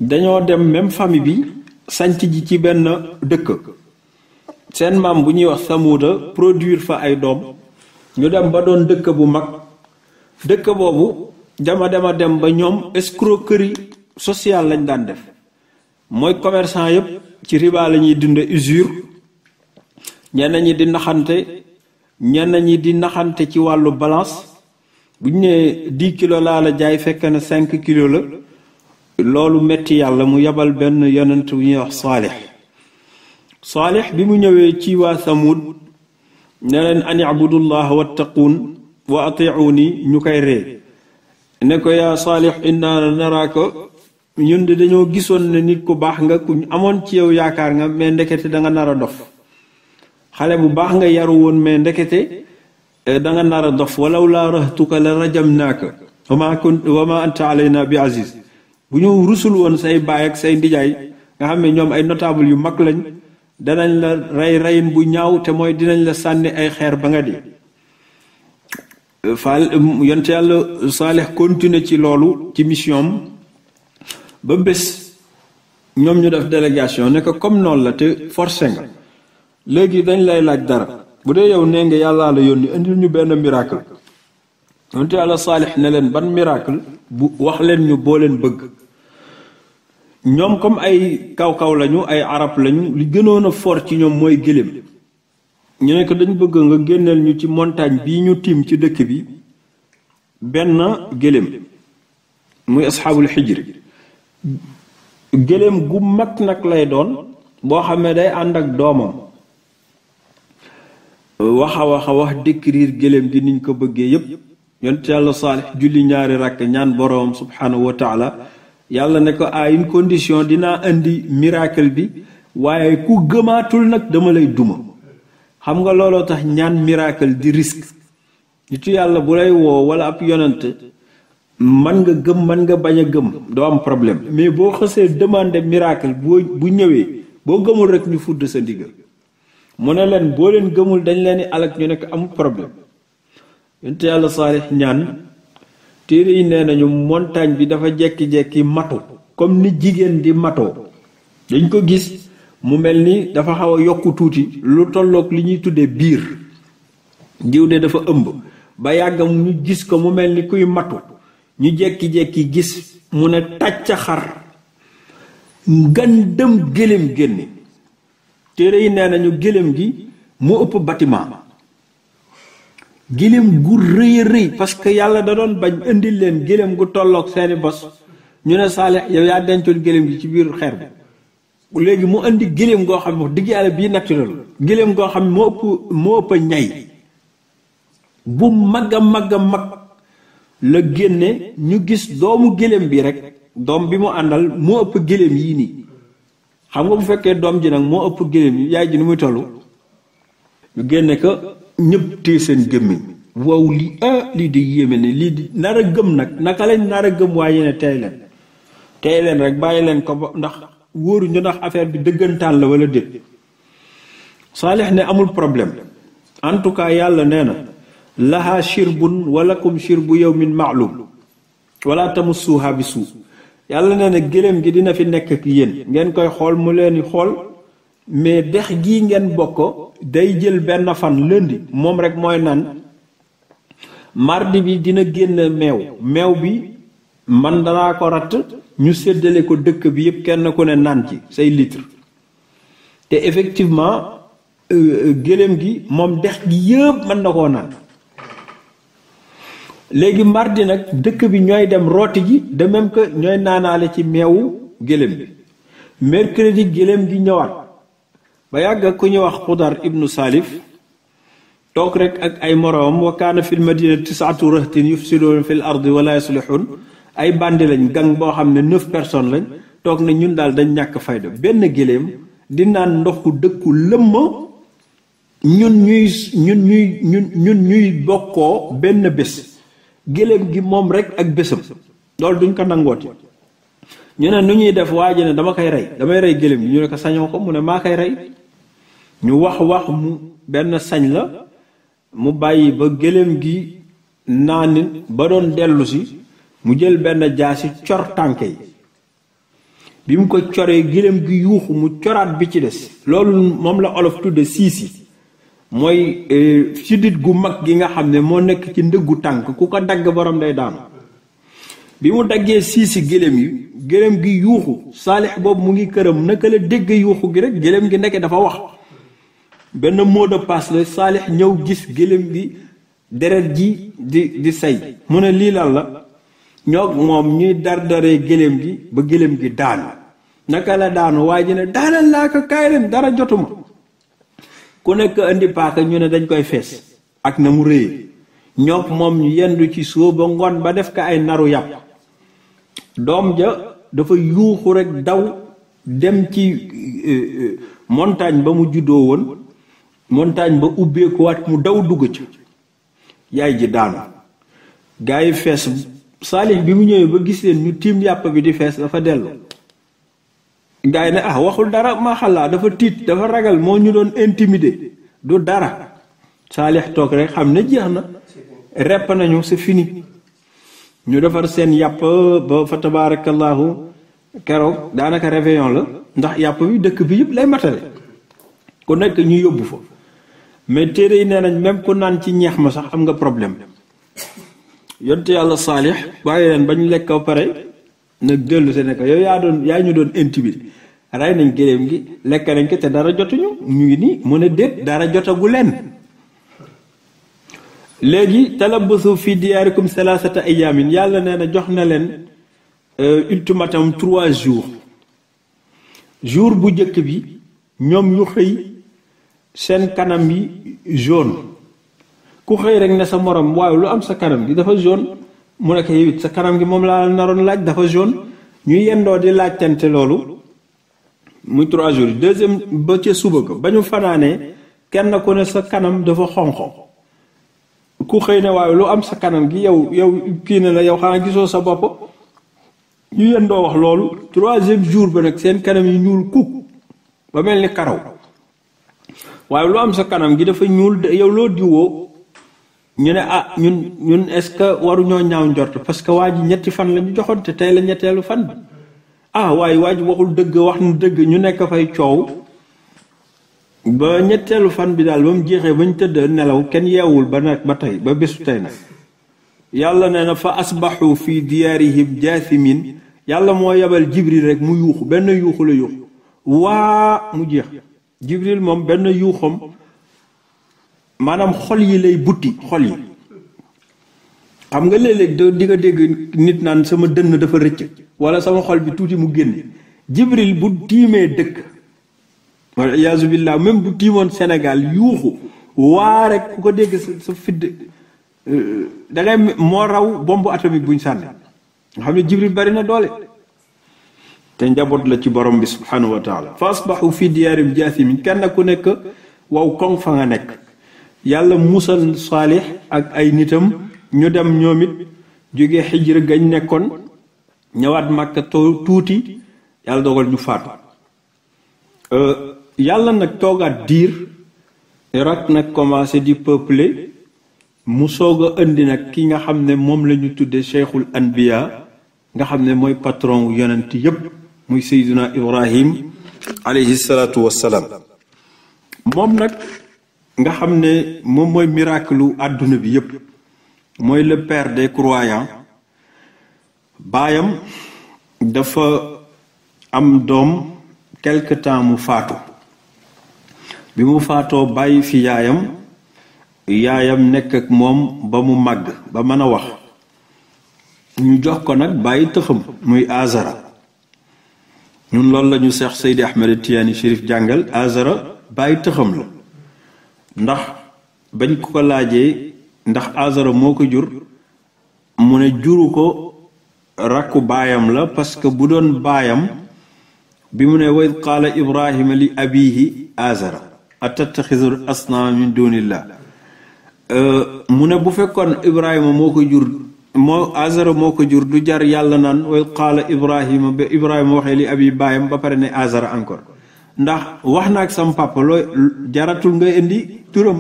dañoo dem même famille bi sanc ji ci benn dëkk seen maam bu ñuy wax samuuda produire fa ay doom ñu dem ba doon dëkk bu mag dëkk boobu dama dem a dem ba ñoom escroquerie sociale lañ daan def mooy commerçant yëpp ci riba la ñuy dunde usure ñenn di naxante ñenn ñi di naxante ci wàllu balance bu ñu nee 10 kilos laa la jaay fekk na 5 kilos la loolu metti yàlla mu yebal benn yonent bu ñuy wax saalix saalix bi mu ñëwee ci waa Samud ne leen an ibudullaha wattaquun wa atiuni ñu koy ree ne ko yaa saalix inna naraaka ñun de dañoo gisoon ne nit ku baax nga ku amoon ci yow yaakaar nga mais ndekete danga nga nar a dof xale bu baax nga yaru woon mais ndekete eh, da nga nar a dof walaw laa rahtuka la rajamnaaka wama kun wama anta alayna bi aziz bu ñu rusul woon say baay ak say ndijaay nga xam ñoom ay notable yu mag lañ danañ la rey reyin bu ñaaw te mooy dinañ la sànni ay xeer ba nga di faal yonte yàlla saalix continuer ci loolu ci mission ba bés ñoom ñu def délégation nekk comme noonu la te forcé nga léegi dañ lay laaj dara bu dee yow nee yàlla la yoon yónni indil ñu benn miracle yonte yàlla saalix ne leen ban miracle bu wax leen ñu boo leen bëgg ñoom comme ay kaw-kaw lañu ay arab lañu li gënoon a ci ñoom mooy gëléem ñu ne ko dañ bëgg nga génneel ñu ci montagne bii ñu tiim ci dëkk bi benn gëléem muy asxaabul xijri gëléem gu mag nag lay doon boo xamee day ànd ak doomam waxa waxa wax décrire gëléem gi niñ ko bëggee yépp yonent yàlla saalix julli ñaari rakk ñaan boroom subhaanahu wa yàlla ne ko à une condition dinaa indi miracle bi waaye ku gëmaatul nag dama lay duma xam nga looloo tax ñaan miracle di risque nitu yàlla bu lay woo wala ab yonent man nga gëm man nga bañ a gëm doo am problème mais boo xësee demander miracle boo bu ñëwee boo gëmul rek ñu fudd sa ndigal mu ne leen boo leen gëmul dañ leen di alak ñu nekk amul problème yonent yàlla saalix ñaan téere yi nee nañu montagne bi dafa jekki-jekki matu comme ni jigéen di matoo dañ ko gis mu mel ni dafa xaw a yokku tuuti lu tolloog li ñuy tuddee biir jiw de dafa ëmb ba yàgg ñu gis ko mu mel ni kuy matu ñu jekki-jekki gis mu ne tàcc xar ngandëm gëléem génne téere yi nee nañu gëléem gi mu ëpp bâtiment gëléem gu rëy a rëy parce que yàlla da doon bañ indil leen gëléem gu tollook seeni bos ñu ne Saalix yow yaa dencoon gëléem gi ci biir xeer bi léegi mu indi gëléem goo xam ne wax dëgg yàlla bii naturel gëléem goo xam ne moo ëpp moo ëpp a ñay bu mag a mag a mag la génne ñu gis doomu gëléem bi rek doom bi mu àndal mu ëpp gëléem yii nii xam nga bu fekkee doom ji nag moo ëpp gëléem yi yaay ji ni muy tollu ñu génne ko ñëpp téye seen gémmiñ waaw lii ah, lii di yéeme ni lii di nar a gëm nag naka lañ nar a gëm waaye ne tey leen tey leen rek bàyyi leen ko ba ndax wóoruñu ndax affaire bi dëggantaan la wala déet Saalix ne amul problème en tout cas yàlla nee na bu laha shirbun walakum shirbu yawmin maalum wala suuxaa bi suuf yàlla nee na gëléem gi dina fi nekk ak yéen ngeen koy xool mu leen di xool mais dex gi ngeen bokk day jël benn fan lundi moom rek mooy naan mardi bi dina génn meew meew bi man danaa ko ratt ñu séddale ko dëkk bi yépp kenn ku ne naan ci say litre te effectivement euh, euh, gëléem gi moom dex gi yépp mën na koo naan léegi mardi nag dëkk bi ñooy dem rooti gi de ko ñooy naanaale ci meewu gëléem bi mercredi gëléem gi ñëwaat ba yàgg ku ñu wax xudar ibnu salif toog rek ak ay moroom wa kaana fil madina tisaatu rahtin yufsidoon fil ardi wala yaslihun ay bandi lañ gang boo xam ne neuf personnes lañ toog na ñun daal dañ ñàkk fayda benn géléem di naan ndoxu dëkku lëmma ñun ñuy ñun ñuy ñun ñun ñuy bokkoo benn bés géléem gi moom rek ak bésam loolu duñ ko nangooti ñu ne ñuy def waa ji ne dama koy rey damay rey géléem gi ñu ne ko sañoo ko mu ne maa koy rey ñu wax wax mu benn sañ la mu bàyyi ba gëléem gi naanin ba doon dellusi mu jël benn jaasi cor tànk yi bi mu ko coree gëléem gi yuuxu mu coraat bi ci des loolu moom la olof tudde siisi mooy euh, sidit gu mag gi nga xam ne moo nekk ci ndëggu tànk ku ko dagg borom day daanu bi mu daggee siisi gëléem yi gëléem gi yuuxu saalix boobu mu ngi këram naka la dégg yuuxu gi rek gëléem gi nekk dafa wax benn mot de la saalix ñëw gis gëléem bi deret ji di di say mu ne lii lan la ñoo moom ñuy dardare gëléem gi ba gëléem gi daanu naka la daanu waa ji ne daanal laa ko kaay leen dara jotuma ku nekk indi paaka ñu ne dañ koy fees ak na mu rëyee ñoo moom ñu yendu ci suuf ba ngoon ba def ko ay naru yàpp doom ja dafa yuuxu rek daw dem ci euh, euh, montagne ba mu juddoo woon montagne ba ubbeekuwaat mu daw dugg ci yaay ji daanu gaa yi fees saalix bi mu ñëwee ba gis leen ñu tiim yàpp bi di fees dafa dellu gaa yi ne ah waxul dara maxallaa dafa tiit dafa ragal moo ñu doon intimider du dara saalix toog rek xam ne jeex na repp nañu c'est fini ñu defar seen yàpp ba fa tabaarakallaahu keroog daanaka réveillon la ndax yàpp bi dëkk bi yëpp lay matale ku nekk ñu yóbbu fa mais téere yi nee nañ même ku naan ci ñeex ma sax am nga problème yonte yàlla saalix waaye leen ba ñu lekk ba pare nag dellu se ne ko yow yaa doon yaa ñu doon intimider rey nañ géléem gi lekk nañ ko te dara jotuñu ñu ngi nii mu ne déet dara jotagu leen léegi talabusu fi diyaarikum salaasata ayaamin yàlla nee na jox na leen euh, ultimatum trois jours jours bu jëkk bi ñoom yu xëy seen kanam yi jaune ku xëy rek ne sa morom waaye lu am sa kanam gi dafa jaune mu nekk ko yow sa kanam gi moom laa naroon laaj dafa jaune ñu yendoo di laajtante loolu muy trois jours deuxième ba ca suba ko ba ñu fanaanee kenn ku ne sa kanam dafa xonxo ku xëy ne waaye lu am sa kanam gi yow yow kii ne la yow xanaa gisoo sa bopp ñu yendoo wax loolu troisième jour ba nag seen kanam yi ñuul kuk ba mel ni karaw waaye lu am sa kanam gi dafa ñuul yow loo diwoo ñu ne ah ñun ñun est-ce que waruñoo ñaaw njort parce que waa ji ñetti fan la ñu joxoon te tey la ñetteelu fan bi ah waaye waa ji waxul dëgg wax na dëgg ñu nekk fay coow ba ñetteelu fan bi daal ba mu jeexee ba ñu tëdd nelaw kenn yeewul ba nag ba tey ba bésu tey nag yàlla ne na fa asbaxu fi diyaarihim jaathimin yàlla moo yebal jibril rek mu yuuxu benn yuuxu la yuuxu waa mu jéex jibril moom benn yuuxam maanaam xol yi lay butti xol yi xam nga léeg-léeg doo di nga dégg nit naan sama dënn dafa rëcc wala sama xol bi tuuti mu génn jibril bu tiimee dëkk wala iyaasu billah même bu tiimoon senegal yuuxu waa rek ku ko dégg sa sa fidd euh, da ngay moo raw bombu atomique buñ sànni xam ne jibril bari doole te njaboot la ci borom bi subhanahu wa taala fa asbaxu fi diyaarim jaasimin kenn ku nekk waw koŋ fa nga nekk yàlla musal saalix ak ay nitam ñu dem ñoom it jóge xijra gañ nekkoon ñëwaat màkka tuuti yàlla dogal ñu faatu euh, yàlla nag toogaat diir Irak nag commencé di peupler mu soog a indi nag ki nga xam ne moom lañu tuddee tudde cheikhul anbiya nga xam ne mooy patron wu yonent yépp muy seyduna ibrahim aleyhi salaatu wassalaam moom nag nga xam ne moom mooy miracle àdduna bi yépp mooy le père des croyants baayam dafa am doom quelque temps mu faatu bi mu faatoo bàyyi fi yaayam yaayam nekk ak moom ba mu màgg ba mën a wax ñu jox ko nag bàyyi tëxam muy azara ñun loolu la ñu seex seyd Ahmed Tiyaani Chérif jàngal azara bàyyi tëxam la ndax bañ ko ko laajee ndax azara moo ko jur mu ne juru ko rakku baayam la parce que bu doon baayam bi mu ne wa id qaala ibrahima li abihi azara atattaxisul asnaama min dunillah euh, mu ne bu fekkoon ibrahima moo ko jur moo azara moo ko jur du jar yàlla naan way qaala ibrahima ba ibrahima waxee li abi baayam ba pare ne azara encore ndax wax na ak sam papa loo jaratul nga indi turam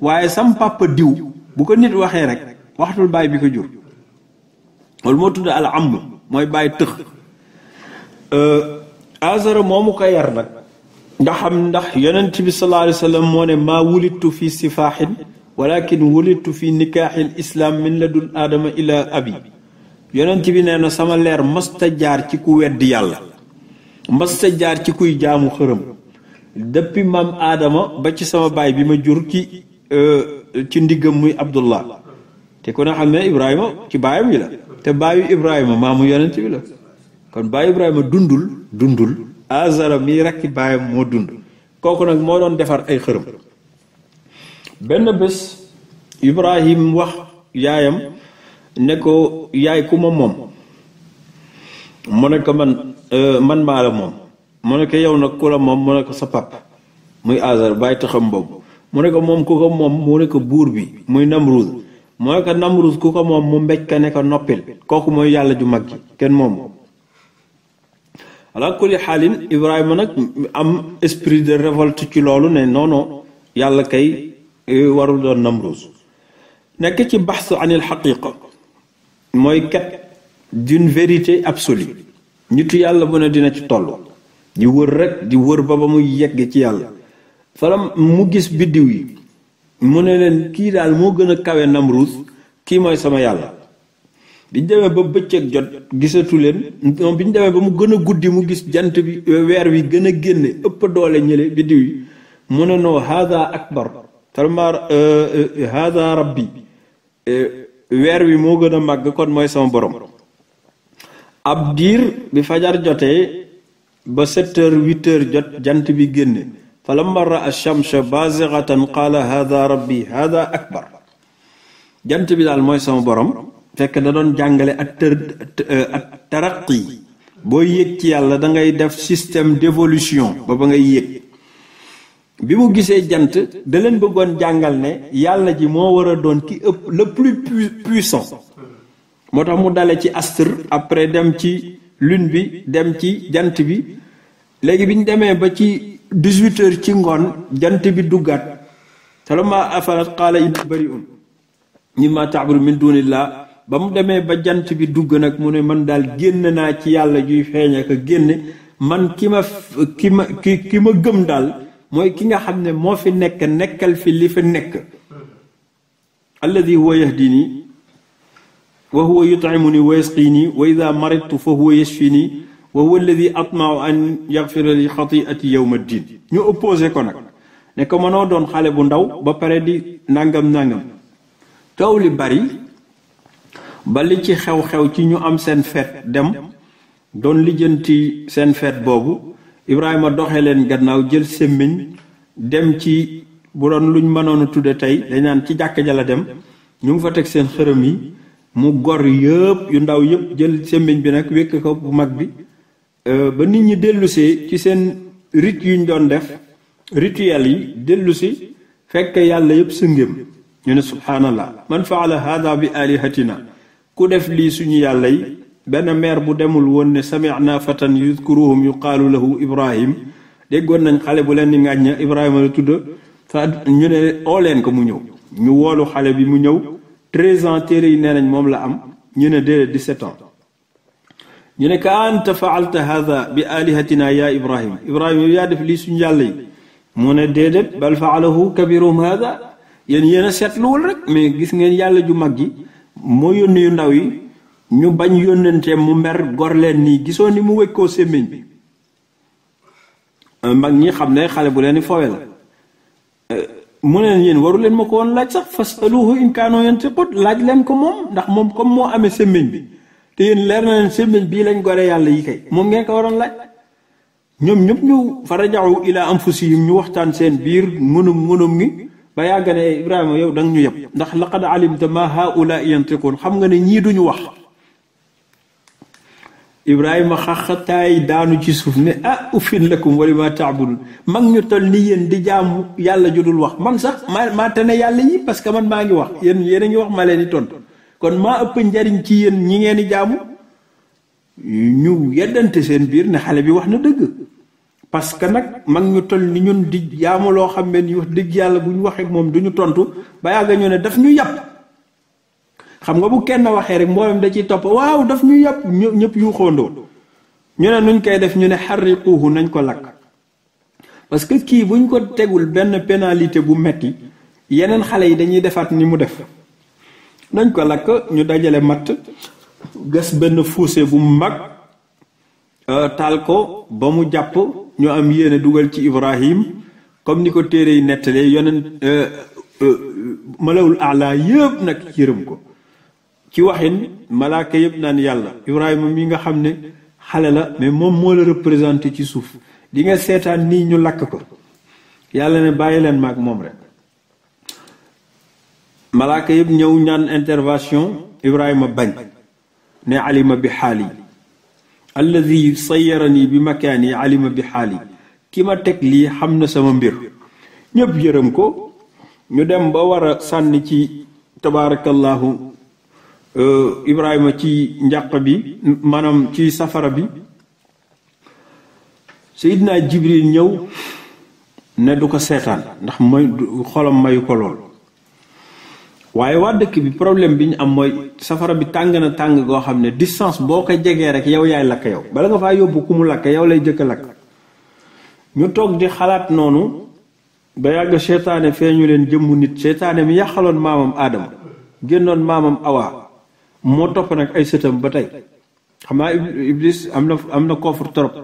waaye sam papa diw bu ko nit waxee rek waxtul baay bi ko jur loolu moo tudd al am mooy baay tëx euh, azara moomu ko yar nag nga ndax yonent bi sallallahu alayhi wa sallam moo ne maa wulittu fii sifaaxin walakin wulidtu fi nikaaxil islaam min ladun aadama ilaa abi yonent bi nee na sama leer masta jaar ci ku weddi yàlla masta jaar ci kuy jaamu xërëm depuis maam aadama ba ci sama baay bi ma jur ci euh, ci ndiggam muy abdullah te ku ne xam ne ibrahima ci baayam bi la te baayu ibrahima maamu yonent bi la kon baayu ibrahima dundul dundul azara mi rakki baayam moo dund kooku nag moo doon defar ay xërëm benn bés Ibrahim wax yaayam ne ko yaay ku ma moom mu ne ko man euh, man maa la moom mu ne ko yow nag ku la moom mu ne sa pap muy Azar bàyyi taxam boobu mu nekk moom ku ko moom mu ne buur bi muy Namruud mu ne ko Namruud ku ko moom mu mbéj ka ne noppil kooku mooy yàlla ju mag ji kenn moomu ala kulli xaalin Ibrahima nag am esprit de révolte ci loolu ne non yàlla kay E warul doon namruus nekk ci baxsu anil xaqiqa mooy kat d'une vérité absolue nitu yàlla mu ne dina ci toll di wër rek di wër ba ba muy yegg ci yàlla falam mu gis biddiw yi mu ne leen kii daal moo gën a kawe namruus kii mooy sama yàlla di demee ba bëccëg jot gisatu leen moom biñ demee ba mu gën a guddi mu gis jant bi weer wi gën a génne ëpp doole ñële biddiw yi mu ne noo haada akbar falammaa euh, euh, haadaa rabbi euh, weer wi moo gën a màgg kon mooy sama borom ab diir bi fajar jotee ba sept heures jot jant bi génne falammaa ra'a shamsa baazigatan qaala haadaa rabbi haadaa akbar jant bi daal mooy sama borom fekk da doon jàngale ak tër taraqi boo yéeg ci yàlla da ngay def système d'évolution ba ba ngay yéeg bi mu gisee jant da bëggoon jàngal ne yàlla ji moo war a doon ki ëpp le plus puissant moo tax mu dale ci astre après dem ci lune bi dem ci jant bi léegi bi ñu demee ba ci 18 ci ngoon jant bi duggaat falammaa afalat qaala innii bari'un mimmaa ta'buduuna min duunillaah ba mu demee ba jant bi dugg nag mu ne man daal génn naa ci yàlla juy feeñ ak génne man ki ma ki ma ki ki ma gëm daal mooy ki nga xam ne moo fi nekk nekkal fi li fi nekk alladi huwa yahdini wa huwa yut'imuni wa yasqini wa ida maridtu fa huwa yashfini wa huwa alladi atmau an yaxfira li xatiati yowma ddin ñu opposé ko nag ne ko mënoo doon xale bu ndaw ba pare di nangam nangam taw li bari ba li ci xew-xew ci ñu am seen feet dem doon lijjanti seen feet boobu Ibrahima doxe leen gannaaw jël sémmiñ dem ci bu doon luñ mënoon a tudde tey dañ naan ci jàkk ja dem ñu ngi fa teg seen xërëm yi mu gor yëpp yu ndaw yëpp jël sémmiñ bi nag wékk ko bu mag bi euh, ba nit ñi dellusee ci seen rit yu ñu doon def rituel yi dellusi fekk yàlla yëpp sëngéem ñu ne subhaanallah man faala hada bi alihatina ku def lii suñu yàlla yi benn meer bu demul woon ne sami'na fatan yuzkuruhum yuqaalu lahu ibrahim déggoon nañ xale bu leen di ngàñña ibrahima la tudd sa ñu ne oo leen ko mu ñëw ñu woolu xale bi mu ñëw treize ans téere yi nee nañ moom la am ñu ne déedéet dix-sept ans ñu ne ka anta faalta hada bi alihatina yaa ibrahim ibrahima yaa def lii suñu yàlla yi mu ne déedéet bal faalahu kabiruhum hada yéen yéen a seetluwul rek mais gis ngeen yàlla ju mag ji moo yónni yu ndaw yi ñu bañ yónnante mu mer gor leen nii gisoo ni mu wékkoo sémmiñ bi euh, mag ñii xam ne xale bu leen di fowe la euh, mu ne yéen waru leen ma ko woon laaj sax fasaluhu in kaanoo yantiqut laaj leen ko moom ndax moom comme moo amee sémmiñ bi te yéen leer na leen sémmiñ bii lañ gore yàlla yi kay moom ngeen ko waroon laaj ñoom ñëpp ñu farajaxu ilaa anfusihim ñu waxtaan seen biir ngunum ngunum ngi ba yàgg ne Ibrahima yow danga ñu yëpp ndax laqad alimta ma haula yantiqun xam nga ne ñii duñu wax ibrahima xaxataay daanu ci suuf ne ah uffin lakum wali bu dul mag ñu tol ni yéen di jaamu yàlla judul wax man sax ma maa tane yàlla yi parce que man maa ngi wax yéen yéen a ngi wax ma leen di tontu kon maa ëpp njariñ ci yéen ñi ngeen di jaamu ñu yeddante seen biir ne xale bi wax na dëgg parce que nag mag ñu tol ni ñun di jaamu loo xam ne ni wax dëgg yàlla bu ñu waxee moom du ñu tontu ba yàgg ñu ne daf ñu yàpp xam nga bu kenn waxee rek mboolem da ciy topp waaw daf ñu yàpp ñëpp yu xóondoo ñu ne nuñ koy def ñu ne xarriquuhu nañ ko lakk parce que kii buñ ko tegul benn pénalité bu metti yeneen xale yi dañuy defaat ni mu def nañ ko lakk ñu dajale matt gas benn fossé bu mag euh, taal ko ba mu jàpp ñu am yéene dugal ci Ibrahim comme ni ko téere yi nettalee yoneen euh, euh, malawul ala yëpp nag yërëm ko ci waxin malaaka yëpp naan yàlla Ibrahima mi nga xam ne xale la mais moom moo la représenté ci suuf di nga seetaan nii ñu lakk ko yàlla ne bàyyi leen maag moom rek malaaka yëpp ñëw ñaan intervention Ibrahima bañ ne alima bi xaali alladi sayarani bi makaani alima bi xaali ki ma teg lii xam na sama mbir ñëpp yërëm ko ñu dem ba war a sànni ci tabaarakallahu Euh, Ibrahima ci njàq bi maanaam ci safara bi Seydina Jibril ñëw ne du ko seetaan ndax may xolam mayu ko lool waaye waa dëkk bi problème bi ñu am mooy safara bi tàng na tàng goo xam ne distance boo ko jegee rek yow yaay lakk yow bala nga faa yóbbu ku mu lakk yow lay jëkk lakk ñu toog di xalaat noonu ba yàgg seytaane feeñu leen jëmm nit seetaane mi yàqaloon maamam aadama génnoon maamam awa moo topp nag ay sëtam ba tey xam naa Iblis am na am na koofur trop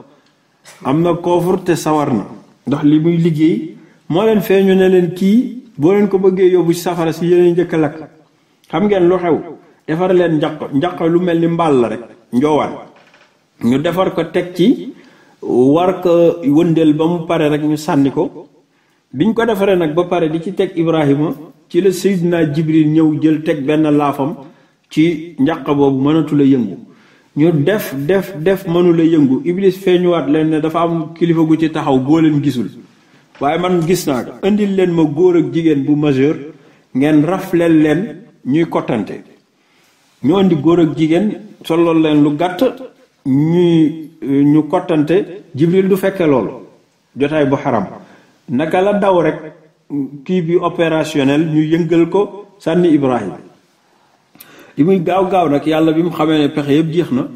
am na koofur te sawar na ndax li muy liggéey moo leen feeñu ne leen kii boo leen ko bëggee yóbbu safara si yeneen njëkk a lakk xam ngeen lu xew defar leen njaq njaq lu mel ni mbaal la rek njoowaan ñu defar ko teg ci war ko wëndeel ba mu pare rek ñu sànni ko biñ ko defaree nag ba pare di ci teg Ibrahima ci la Seydina Jibril ñëw jël teg benn laafam ci njaq boobu mënatula yëngu ñu def def def mënula yëngu iblis feeñuwaat leen ne dafa am kilifa gu ci taxaw boo leen gisul waaye man gis naa ko indil leen ma góor ak jigéen bu majeur ngeen rafleel leen ñuy kottante ñu indi góor ak jigéen solol leen lu gàtt ñuy ñu kottante jibril du fekke loolu jotaay bu xaram naka la daw rek kii bi opérationnel ñu yëngal ko sànni ibrahim li muy gaaw gaaw nag yàlla bi mu xamee ne pexe yëpp jeex na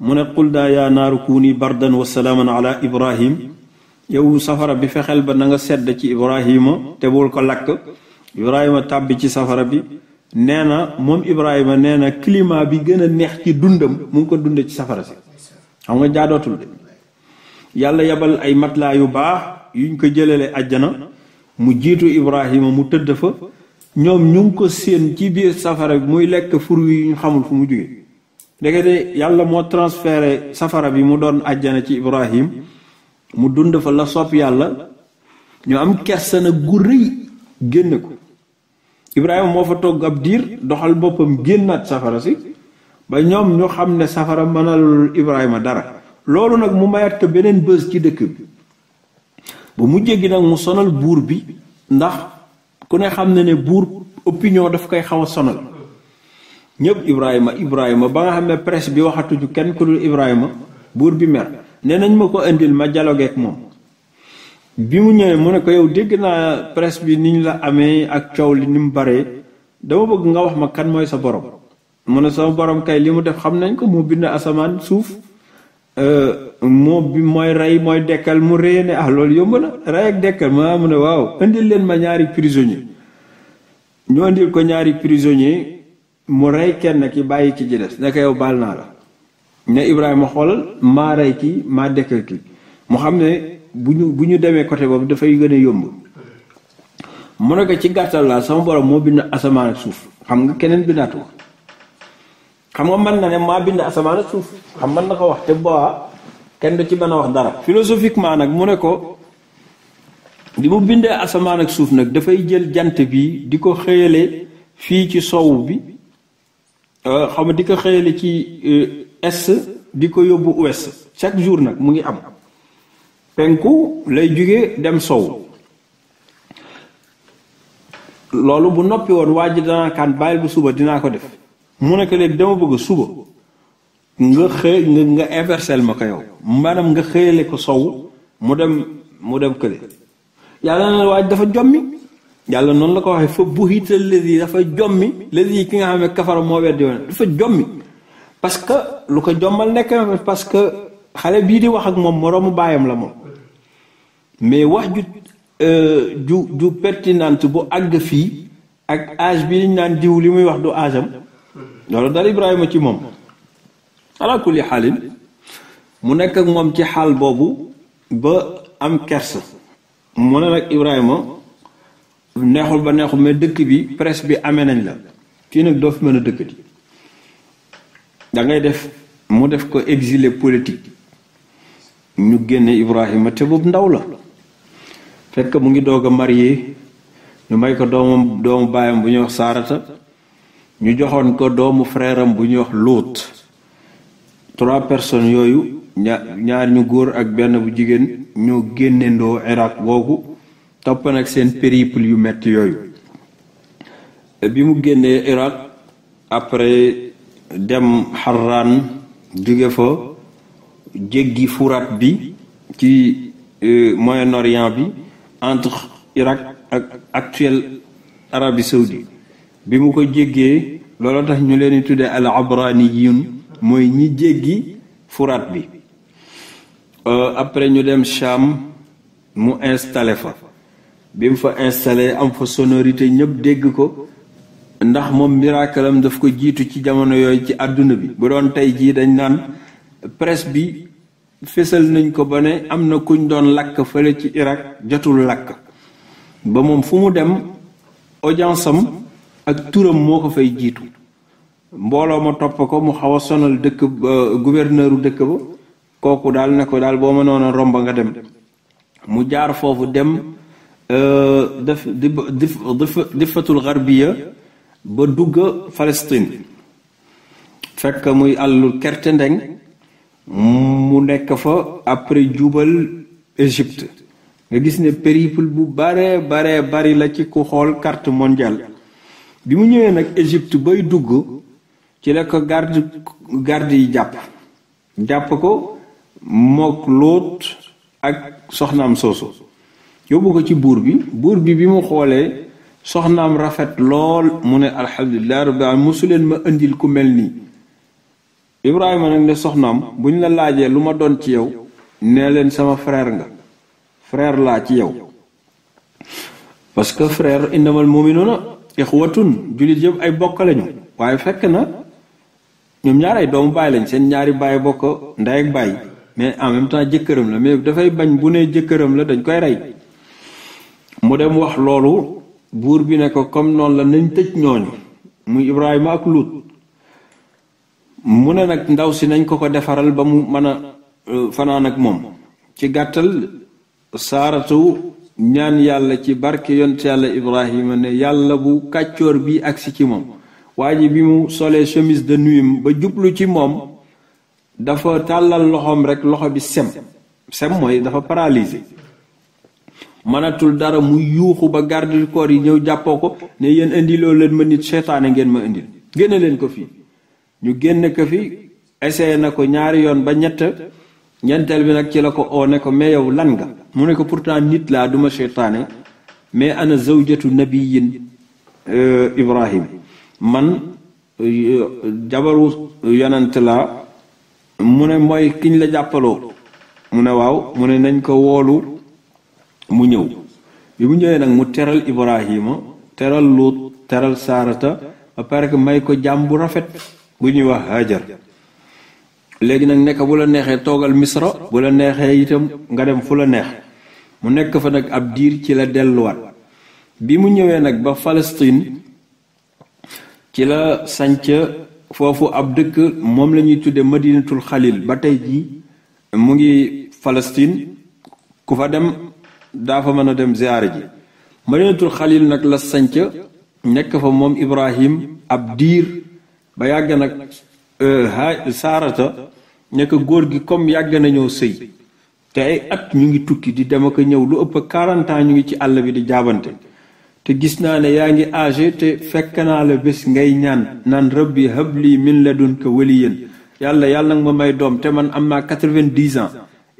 mu ne qul daa yaa naaru kuuni bardan wa salaaman ala ibrahim yow safara bi fexeel ba nanga sedd ci ibrahima te bul ko lakk ibrahima tàbbi ci safara bi nee na moom ibrahima nee na climat bi gën a neex ci dundam mu ngi ko dunde ci safara si xam nga jaadootul de yàlla yabal ay matelas yu baax yuñ ko jëlale àjjana mu jiitu ibrahima mu tëdd fa ñoom ñu ngi ko séen ci biir safara bi muy lekk fur wi ñu xamul fu mu jóge ndekete yàlla moo transféré safara bi mu doon àjjana ci Ibrahim mu dund fa la sopp yàlla ñu am kersana gu rëy génn ko Ibrahima moo fa togg ab diir doxal boppam génnaat safara si ba ñoom ñu xam ne safara mënalul Ibrahima dara loolu nag mu mayat ko beneen bës ci dëkk bi ba mu jéggi nag mu sonal buur bi ndax ku ne xam na ne buur opinion dafa koy xaw a sonal ñëpp Ibrahima Ibrahima ba nga xam ne presse bi waxatuñu kenn ku dul Ibrahima buur bi mer ne nañ ma ko indil ma dialogue ak moom bi mu ñëwee mu ne ko yow dégg naa presse bi ni ñu la amee ak coow li ni mu baree dama bëgg nga wax ma kan mooy sa borom mu ne sama borom kay li mu def xam nañ ko mu bind asamaan suuf Euh, moo bi mooy rey mooy dekkal mu reye ne ah loolu yomb na rey ak dekkal mu ne waaw indil leen ma ñaari prisonnier ñu indil ko ñaari prisonnier mu rey kenn ki bàyyi ki ci des ne ko yow baal naa la ne Ibrahima xool maa rey ki maa dekkal ki mu xam ne bu ñu bu ñu demee côté boobu dafay gën a yomb mu ne ko ci gàttal laa sama borom moo bind asamaan ak suuf xam nga keneen bi naatu ko xam nga mën na ne maa bind asamaan ak suuf xam mën na ko wax te boobaa kenn du ci mën a wax dara philosophiquement nag mu ne ko li mu bindee asamaan ak suuf nag dafay jël jant bi di ko xëyale fii ci sow bi euh, xam nga di ko xëyale ci euh, est di ko yóbbu ouest chaque jour nag mu ngi am penku lay jóge dem sow loolu bu noppi woon waa ji danaa kaan bàyyil bu suba dinaa ko def mu nekk léegi dama bëgg suba nga xëy nga nga ma ko yow maanaam nga xëyale ko sow mu dem mu dem kële yàlla na la waaj dafa jommi yàlla noonu la ko waxee fa buhita lësi dafa jommi lësi ki nga xam kafara moo weddi woon dafa jommi parce que lu ko jommal nekk parce que xale bii di wax ak moom moroomu baayam la moom mais wax ju euh, ju ju pertinente bu àgg fii ak âge bi ñu naan diw li muy wax du âge am loolu dal Ibrahima ci moom ala kulli xaalin mu nekk ak moom ci xaal boobu ba am kersa mu ne nag Ibrahima neexul ba neexul mais dëkk bi presse bi amee nañ la fii nag doo fi mën a dëkkati da ngay def mu def ko exile politique ñu génne Ibrahima te bu ndaw la fekk mu ngi doog a marié ñu may ko doomu doomu baayam bu ñuy wax Saarata ñu joxoon ko doomu freeram bu ñuy wax Luut trois personnes yooyu ñaar ñu góor ak benn bu jigéen ñoo génnendoo Irak googu topp nag seen périple yu metti yooyu bi mu génnee Irak après dem Harran jóge fa jéggi Furaat bi ci euh, Moyen-Orient bi entre Irak ak actuel Arabie Saoudite bi mu ko jéggee looloo tax ñu leen di tuddee al abraniyun mooy ñi jéggi furaat bi euh, après ñu dem Cham mu installé fa bi mu fa installé am fa sonorité ñëpp dégg ko ndax moom miracle am daf ko jiitu ci jamono yooyu ci àdduna bi bu doon tey jii dañ naan presse bi fésal nañ ko ba ne am na kuñ doon lakk fële ci Irak jotul lakk ba moom fu mu dem audience am ak turam moo ko fay jiitu mbooloo ma topp ko mu xaw a sonal dëkk gouverneuru dëkk ba kooku daal ne ko daal boo ma noona romb nga dem mu jaar foofu dem euh, def difatul garbiya ba dugga Palestine fekk muy àllu kerte ndeng mu nekk fa après jubal Égypte nga gis ne périple bu baree baree bari la ci ku xool carte mondial bi mu ñëwee nag Égypte bay dugg ci la ko garde garde yi jàpp jàpp ko mook loot ak soxnaam soosu yóbbu ko ci buur bi buur bi bi mu xoolee soxnaam rafet lool mu ne alhamdulilah rabbil alamin mosu leen ma indil ku mel nii Ibrahima nag ne soxnaam buñ la laajee lu ma doon ci yow nee leen sama frère nga frère laa ci yow parce que frère innamal mu'minuna ixwatun jullit yëpp ay bokk lañu waaye fekk na ñoom ñaar doomu baay lañ seen ñaari baay bokk ndey ak baay mais en même temps jëkkëram la mais dafay bañ bu ne jëkkëram la dañ koy rey mu dem wax loolu buur bi ne ko comme noonu la nañ tëj ñooñu muy Ibrahima ak Luut mu ne nag ndaw si nañ ko ko defaral ba mu mën a euh, fanaan ak moom ci gàttal saaratu ñaan yàlla ci barke yonte yàlla Ibrahima ne yàlla bu kàccoor bi agsi ci moom waa bi mu solee semis de nuit ba jublu ci moom dafa tàllal loxoom rek loxo bi sem sem mooy dafa paralysé mënatul dara mu yuuxu ba garde corps yi ñëw jàppoo ko ne yéen indiloo leen ma nit seetaane ngeen ma indil génne leen ko fii ñu génn ko fi essayé na ko ñaari yoon ba ñett ñeenteel bi nag ci la ko oo ne ko mais yow lan nga mu ne ko pourtant nit laa duma seytaane mais ana zawjatu nabiyin euh, ibrahim man euh, jabaru yonent laa mu ne mooy kiñ la jàppaloo mu ne waaw mu ne nañ ko woolu mu ñëw bi mu ñëwee nag mu teral ibrahima teral luut teral saarata ba pare que may ko jàmm bu rafet bu ñuy wax hajar léegi nag nekk bu la neexee toogal misra bu la neexee itam nga dem fu la neex mu nekk fa nag ab diir ci la delluwaat bi mu ñëwee nag ba Palestine ci la sañca foofu ab dëkk moom lañuy ñuy tudde madinatul xalil ba tey jii mu ngi Palestine ku fa dem daa fa mën a dem ziyaare ji madinatul xalil nag la sanc nekk fa moom Ibrahim ab diir ba yàgg nag euh, saarata ne góor gi comme yàgg nañoo sëy te ay at ñu ngi tukki di dem ko ñëw lu ëpp 40 ñu ngi ci àll bi di jaabante te gis naa ne yaa ngi âgé te fekk naa la bés ngay ñaan naan rabbi habli min ladunka waliyan yàlla yàlla nga ma may doom te man am naa 90 ans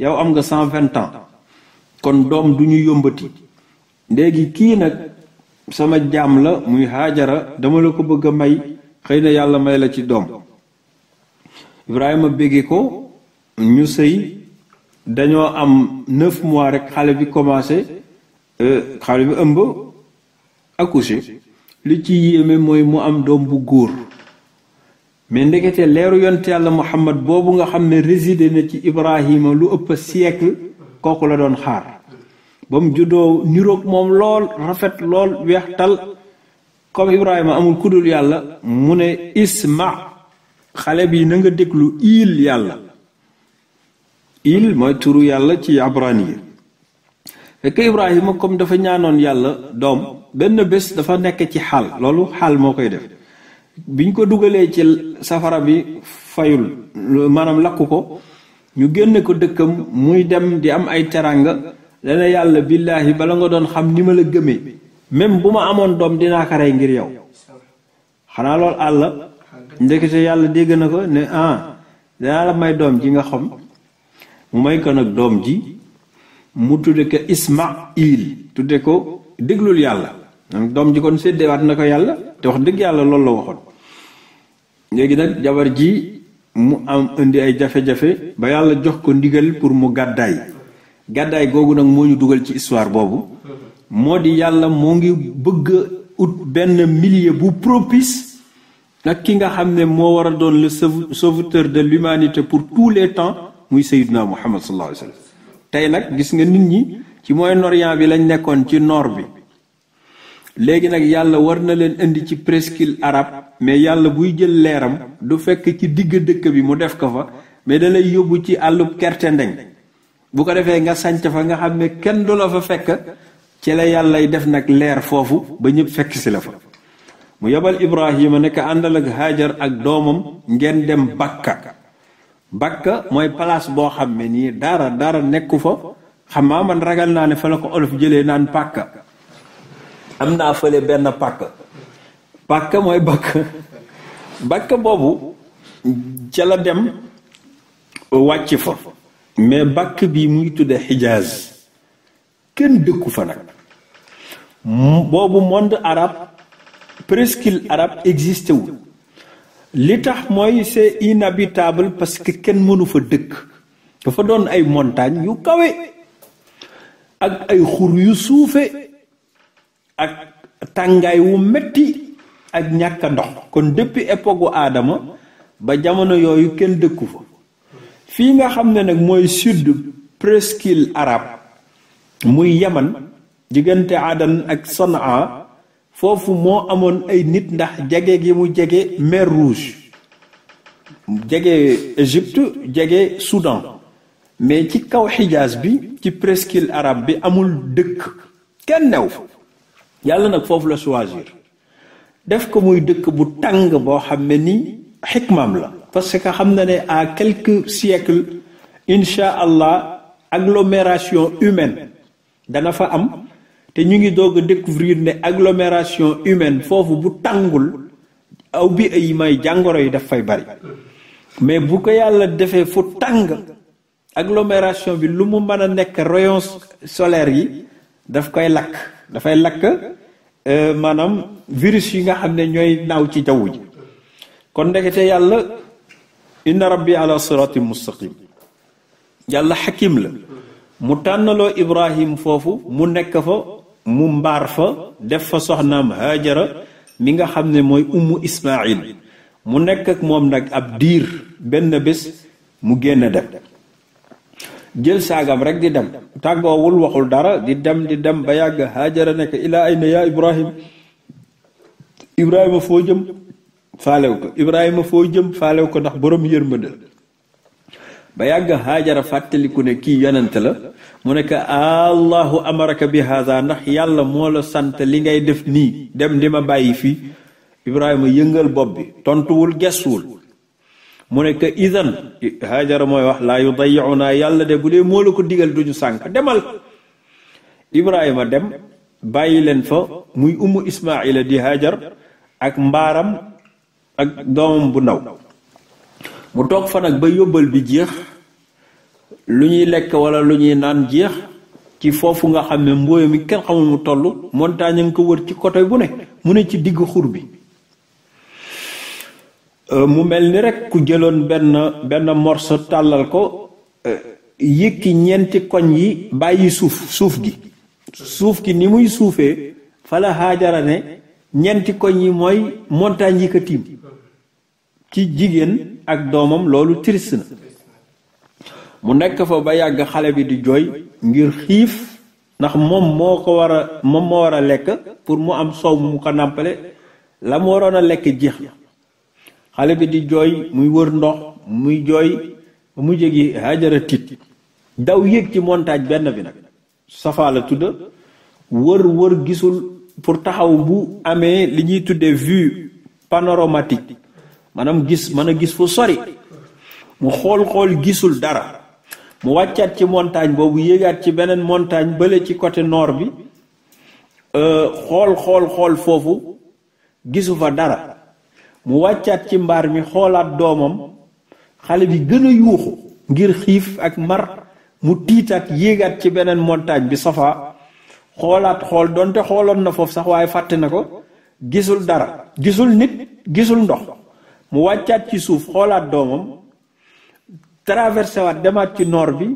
yow am nga 120 ans kon doom du ñu yombati léegi kii nag sama jaam la muy haajara dama la ko bëgg a may xëy na yàlla may la ci doom Ibrahima bégge ko ñu sëy dañoo am neuf mois rek xale bi commencé euh, xale bi ëmb accouché li ci yéeme mooy mu am doom bu góor mais ndekete leeru yonte yàlla Muhammad boobu nga xam ne résidé na ci Ibrahima lu ëpp siècle kooku la doon xaar ba mu juddoo niroog moom lool rafet lool weex tal comme Ibrahima amul kudul yàlla mu ne isma xale bi na nga déglu il yàlla il mooy turu yàlla ci abrani yi fekk Ibrahima comme dafa ñaanoon yàlla doom benn bés dafa nekk ci xaal loolu xaal moo koy def biñ ko dugalee ci safara bi fayul maanaam lakku ko ñu génn ko dëkkam muy dem di am ay teranga dana yàlla billaahi bala nga doon xam ni ma la gëmee même bu ma amoon doom dinaa ko rey ngir yow xanaa loolu àll ndekete yàlla dégg na ko ne ah danaa la may doom ji nga xam mu may ko nag doom ji mu tudde ko Ismaïl tudde ko déglul yàlla doom ji kon séddewaat na ko yàlla te wax dëgg yàlla loolu la waxoon léegi nag jabar ji mu am indi ay jafe-jafe ba yàlla jox ko ndigal pour mu gàddaay gàddaay googu nag moo ñu dugal ci histoire boobu moo di yàlla moo ngi bëgg ut benn milieu bu propice nag ki nga xam ne moo war a doon le sauveteur de l'humanité pour tous les temps muy Seydina Muhammad sallallahu alayhi wa sallam tey nag gis nga nit ñi ci moyen norian bi lañ nekkoon ci noor bi léegi nag yàlla war na leen indi ci presqu'île arabe mais yàlla buy jël leeram du fekk ci digg dëkk bi mu def ko fa mais da lay yóbbu ci àllub kerte ndeng bu ko defee nga sànc fa nga xam ne kenn du la fa fekk ci la yàllay def nag leer foofu ba ñëpp fekk si la fa mu yebal Ibrahima ne ko àndal ak Hajar ak doomam ngeen dem Bakka Bakka mooy place boo xam ne nii dara dara nekku fa xam man ragal naa ne fa la ko olof jëlee naan pàkka am naa fële benn pàkk pàkk mooy bakk boobu ca dem wàcc fa mais bakk bi muy tudde Hijaz kenn dëkku fa nag boobu monde arabe presqu'île arabe existé wul li tax mooy c'est inhabitable parce que kenn mënu fa dëkk dafa doon ay montagnes yu kawe ak ay xur yu suufe ak tàngaay wu metti ak ñàkk ndox kon depuis époque aadama ba jamono yooyu kenn dëkku fa fii nga xam ne nag mooy sud presqu'île arabe muy yaman diggante adan ak sanaa foofu moo amoon ay nit ndax jege gi mu jege mer rouge jege Égypte jege Soudan mais ci kaw xijaas bi ci presqu'île arabe bi amul dëkk kenn new yàlla nag foofu la choisir def ko muy dëkk bu tàng boo xam ne ni xikmaam la parce que xam na ne à quelques siècles incha allah agglomération humaine dana fa am te ñu ngi doog a découvrir ne agglomération humaine foofu bu tàngul aw bi ay may jàngoro yi daf fay bari mais bu ko yàlla defee fu tàng agglomération bi lu mu mën a nekk rayon solaire yi daf koy lakk dafay lakk euh, maanaam virus yi nga xam ne ñooy naaw ci jaww ji kon ndekete yàlla inna rabbi ala sirati yàlla xakim la mu tànnaloo Ibrahim foofu mu nekk fa mu mbaar fa def fa soxnaam Haajara mi nga xam ne mooy ummu Ismaayil mu nekk ak moom nag ab diir benn bés mu génn dem jël saagam rek di dem tàggoowul waxul dara di dem di dem ba yàgg Haajara nekk ilaa ayna yaa Ibrahim Ibrahima foo jëm faalew ko Ibrahima foo jëm faalew ko ndax borom yërmande ba yàgg xaajara fàttaliku ne kii yonent la mu ne ko allahu amaraka bi haza ndax yàlla moo la sant li ngay def nii dem di ma bàyyi fii ibrahima yëngal bopp bi tontuwul gestuwul mu ne ko idan xaajara mooy wax laa yu dayiu naa yàlla de bu dee moo la ko digal duñu sànk demal ibrahima dem bàyyi leen fa muy ummu ismaila di hajar ak mbaaram ak doomam bu ndaw mu toog fa nag ba yóbbal bi jeex lu ñuy lekk wala lu ñuy naan jeex ci foofu nga xam ne mbooy mi kenn xamul mu toll montagne a nga ko wër ci côté bu ne mu ne ci diggu xur bi euh, mu mel ni rekk ku jëloon benn benn morso tàllal ko euh, yëkki ñeenti koñ yi bàyyi suuf suuf gi suuf gi ni muy suufee fala xaajara ne ñeenti koñ yi mooy montagne yi ko tiim ci jigéen ak doomam loolu triste na mu nekk fa ba yàgg xale bi di jooy ngir xiif ndax moom moo ko war a moom moo war a lekk pour mu am soow mu ko nàmpale la mu waroon a lekk jeex na xale bi di jooy muy wër ndox muy jooy mu jegi Hajara tiit daw yéeg ci montagne benn bi nag Safa la tudd wër wër gisul pour taxaw bu amee li ñuy tuddee vue panoramatique maanaam gis man a gis fu sori mu xool-xool gisul dara mu wàccaat ci montagne boobu yéegaat ci beneen montagne bële ci côté noor bi euh, xool xool xool foofu gisu fa dara mu wàccaat ci mbaar mi xoolaat doomam xale bi gën a yuuxu ngir xiif ak mar mu tiitaat yéegaat ci beneen montagne bi safa xoolaat xool donte xooloon na foofu sax waaye fàtte na ko gisul dara gisul nit gisul ndox mu wàccaat ci suuf xoolaat doomam traversé demaat ci noor bi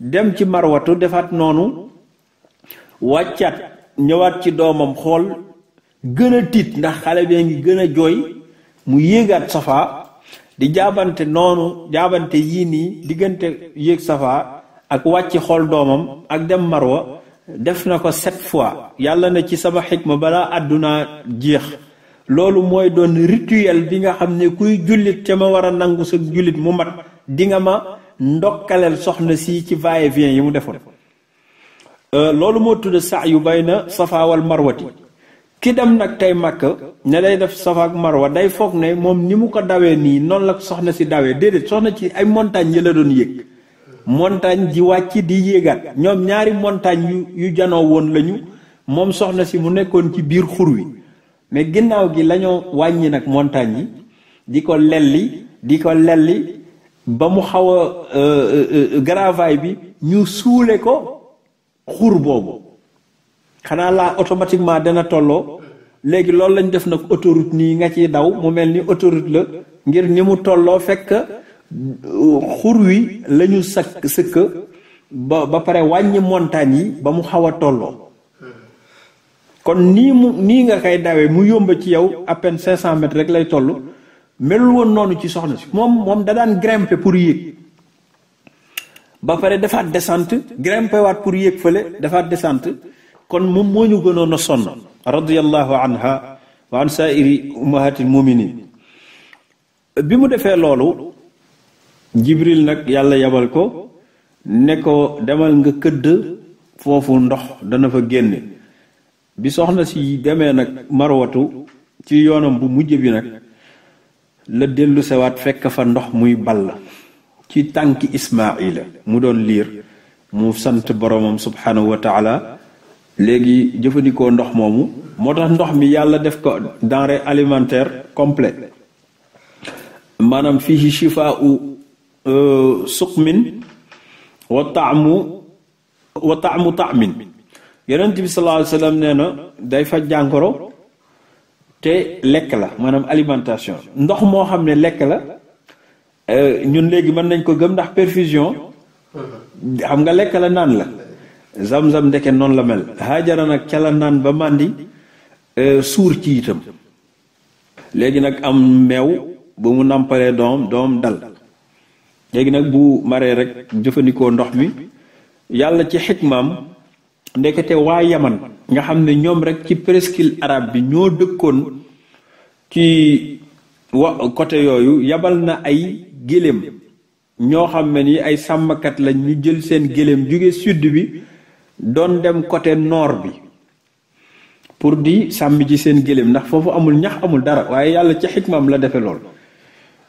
dem ci marwatu defaat noonu wàccaat ñëwaat ci doomam xool gën a tiit ndax xale bee ngi gën a jooy mu yéegaat safa di jaabante noonu jaabante yii nii diggante yéeg safa ak wàcc xool doomam ak dem marwa def na ko sept fois yàlla na ci sama xikma balaa àdduna jeex loolu mooy doon rituel bi nga xam ne kuy jullit ca ma war a nangu sa jullit mu mat di nga ma ndokkaleel soxna si ci va vien yi mu defoon euh, loolu moo tudd sax yu bay na safa wal marwati ki dem nag tey màkk ne day def safa ak marwa day foog ne moom ni mu ko dawee nii noonu lag soxna si dawee déedéet soxna ci ay montagne yi la doon yéeg montagne ji wàcc di yéegaat ñoom ñaari montagne yu yu janoo woon lañu moom soxna si mu nekkoon ci biir xur wi mais ginnaaw gi lañoo wàññi nag montagne yi di ko lelli di ko lelli ba mu xaw a euh, euh, euh, garavaay bi ñu suule ko xur boobu xanaa laa automatiquement dana tolloo léegi loolu lañ def nag autoroute nii nga ci daw mu mel ni autoroute la ngir ni mu tolloo fekk xur wi lañu sëkk sëkk ba ba pare wàññi montagne yi ba mu xaw a tolloo kon nii mu nii nga koy dawee mu yomba ci yow à peine 500 rek lay toll melul woon noonu ci soxna si moom moom da daan grimper pour yéeg ba pare defaat descente grimper pour yéeg fële defaat descente kon moom moo ñu gënoon a sonn radiyallahu anha wa an saa'iri ummahatil muminin bi mu defee loolu jibril nag yàlla yebal ko ne ko demal nga këdd foofu ndox dana fa génne bi soxna si demee nag marwatu ci yoonam bu mujj bi nag la dellusewaat fekk fa ndox muy ball ci tànki ismaaila mu doon liir mu sant boromam subhanahu wa léegi jëfandikoo ndox moomu moo tax ndox mi yàlla def ko denrée alimentaire complet maanaam fihi shifaa'u euh, suqmin wa taamu wa taamu taamin yonent bi sallallahu alayhi nee na day faj jàngoro te lekk la maanaam alimentation ndox moo xam ne lekk la euh, ñun léegi mën nañ ko gëm ndax perfusion xam nga lekk la naan la zam-zam ndeke noonu la mel haajara nag ca la naan ba màndi euh, suur ci itam léegi nag am meew bu mu nàmpalee doom doom dal léegi nag bu maree rek jëfandikoo ndox mi yàlla ci xikmaam ndekete waa yaman nga xam ne ñoom rek ci presqu'île arabe bi ñoo dëkkoon ci wa côté yooyu yabal na ay gëléem ñoo xam ne ni ay sàmmkat lañ ñu jël seen gëléem jóge sud bi doon dem côté noor bi pour di sàmm ji seen gëléem ndax foofu amul ñax amul dara waaye yàlla ci xikmaam la defe lool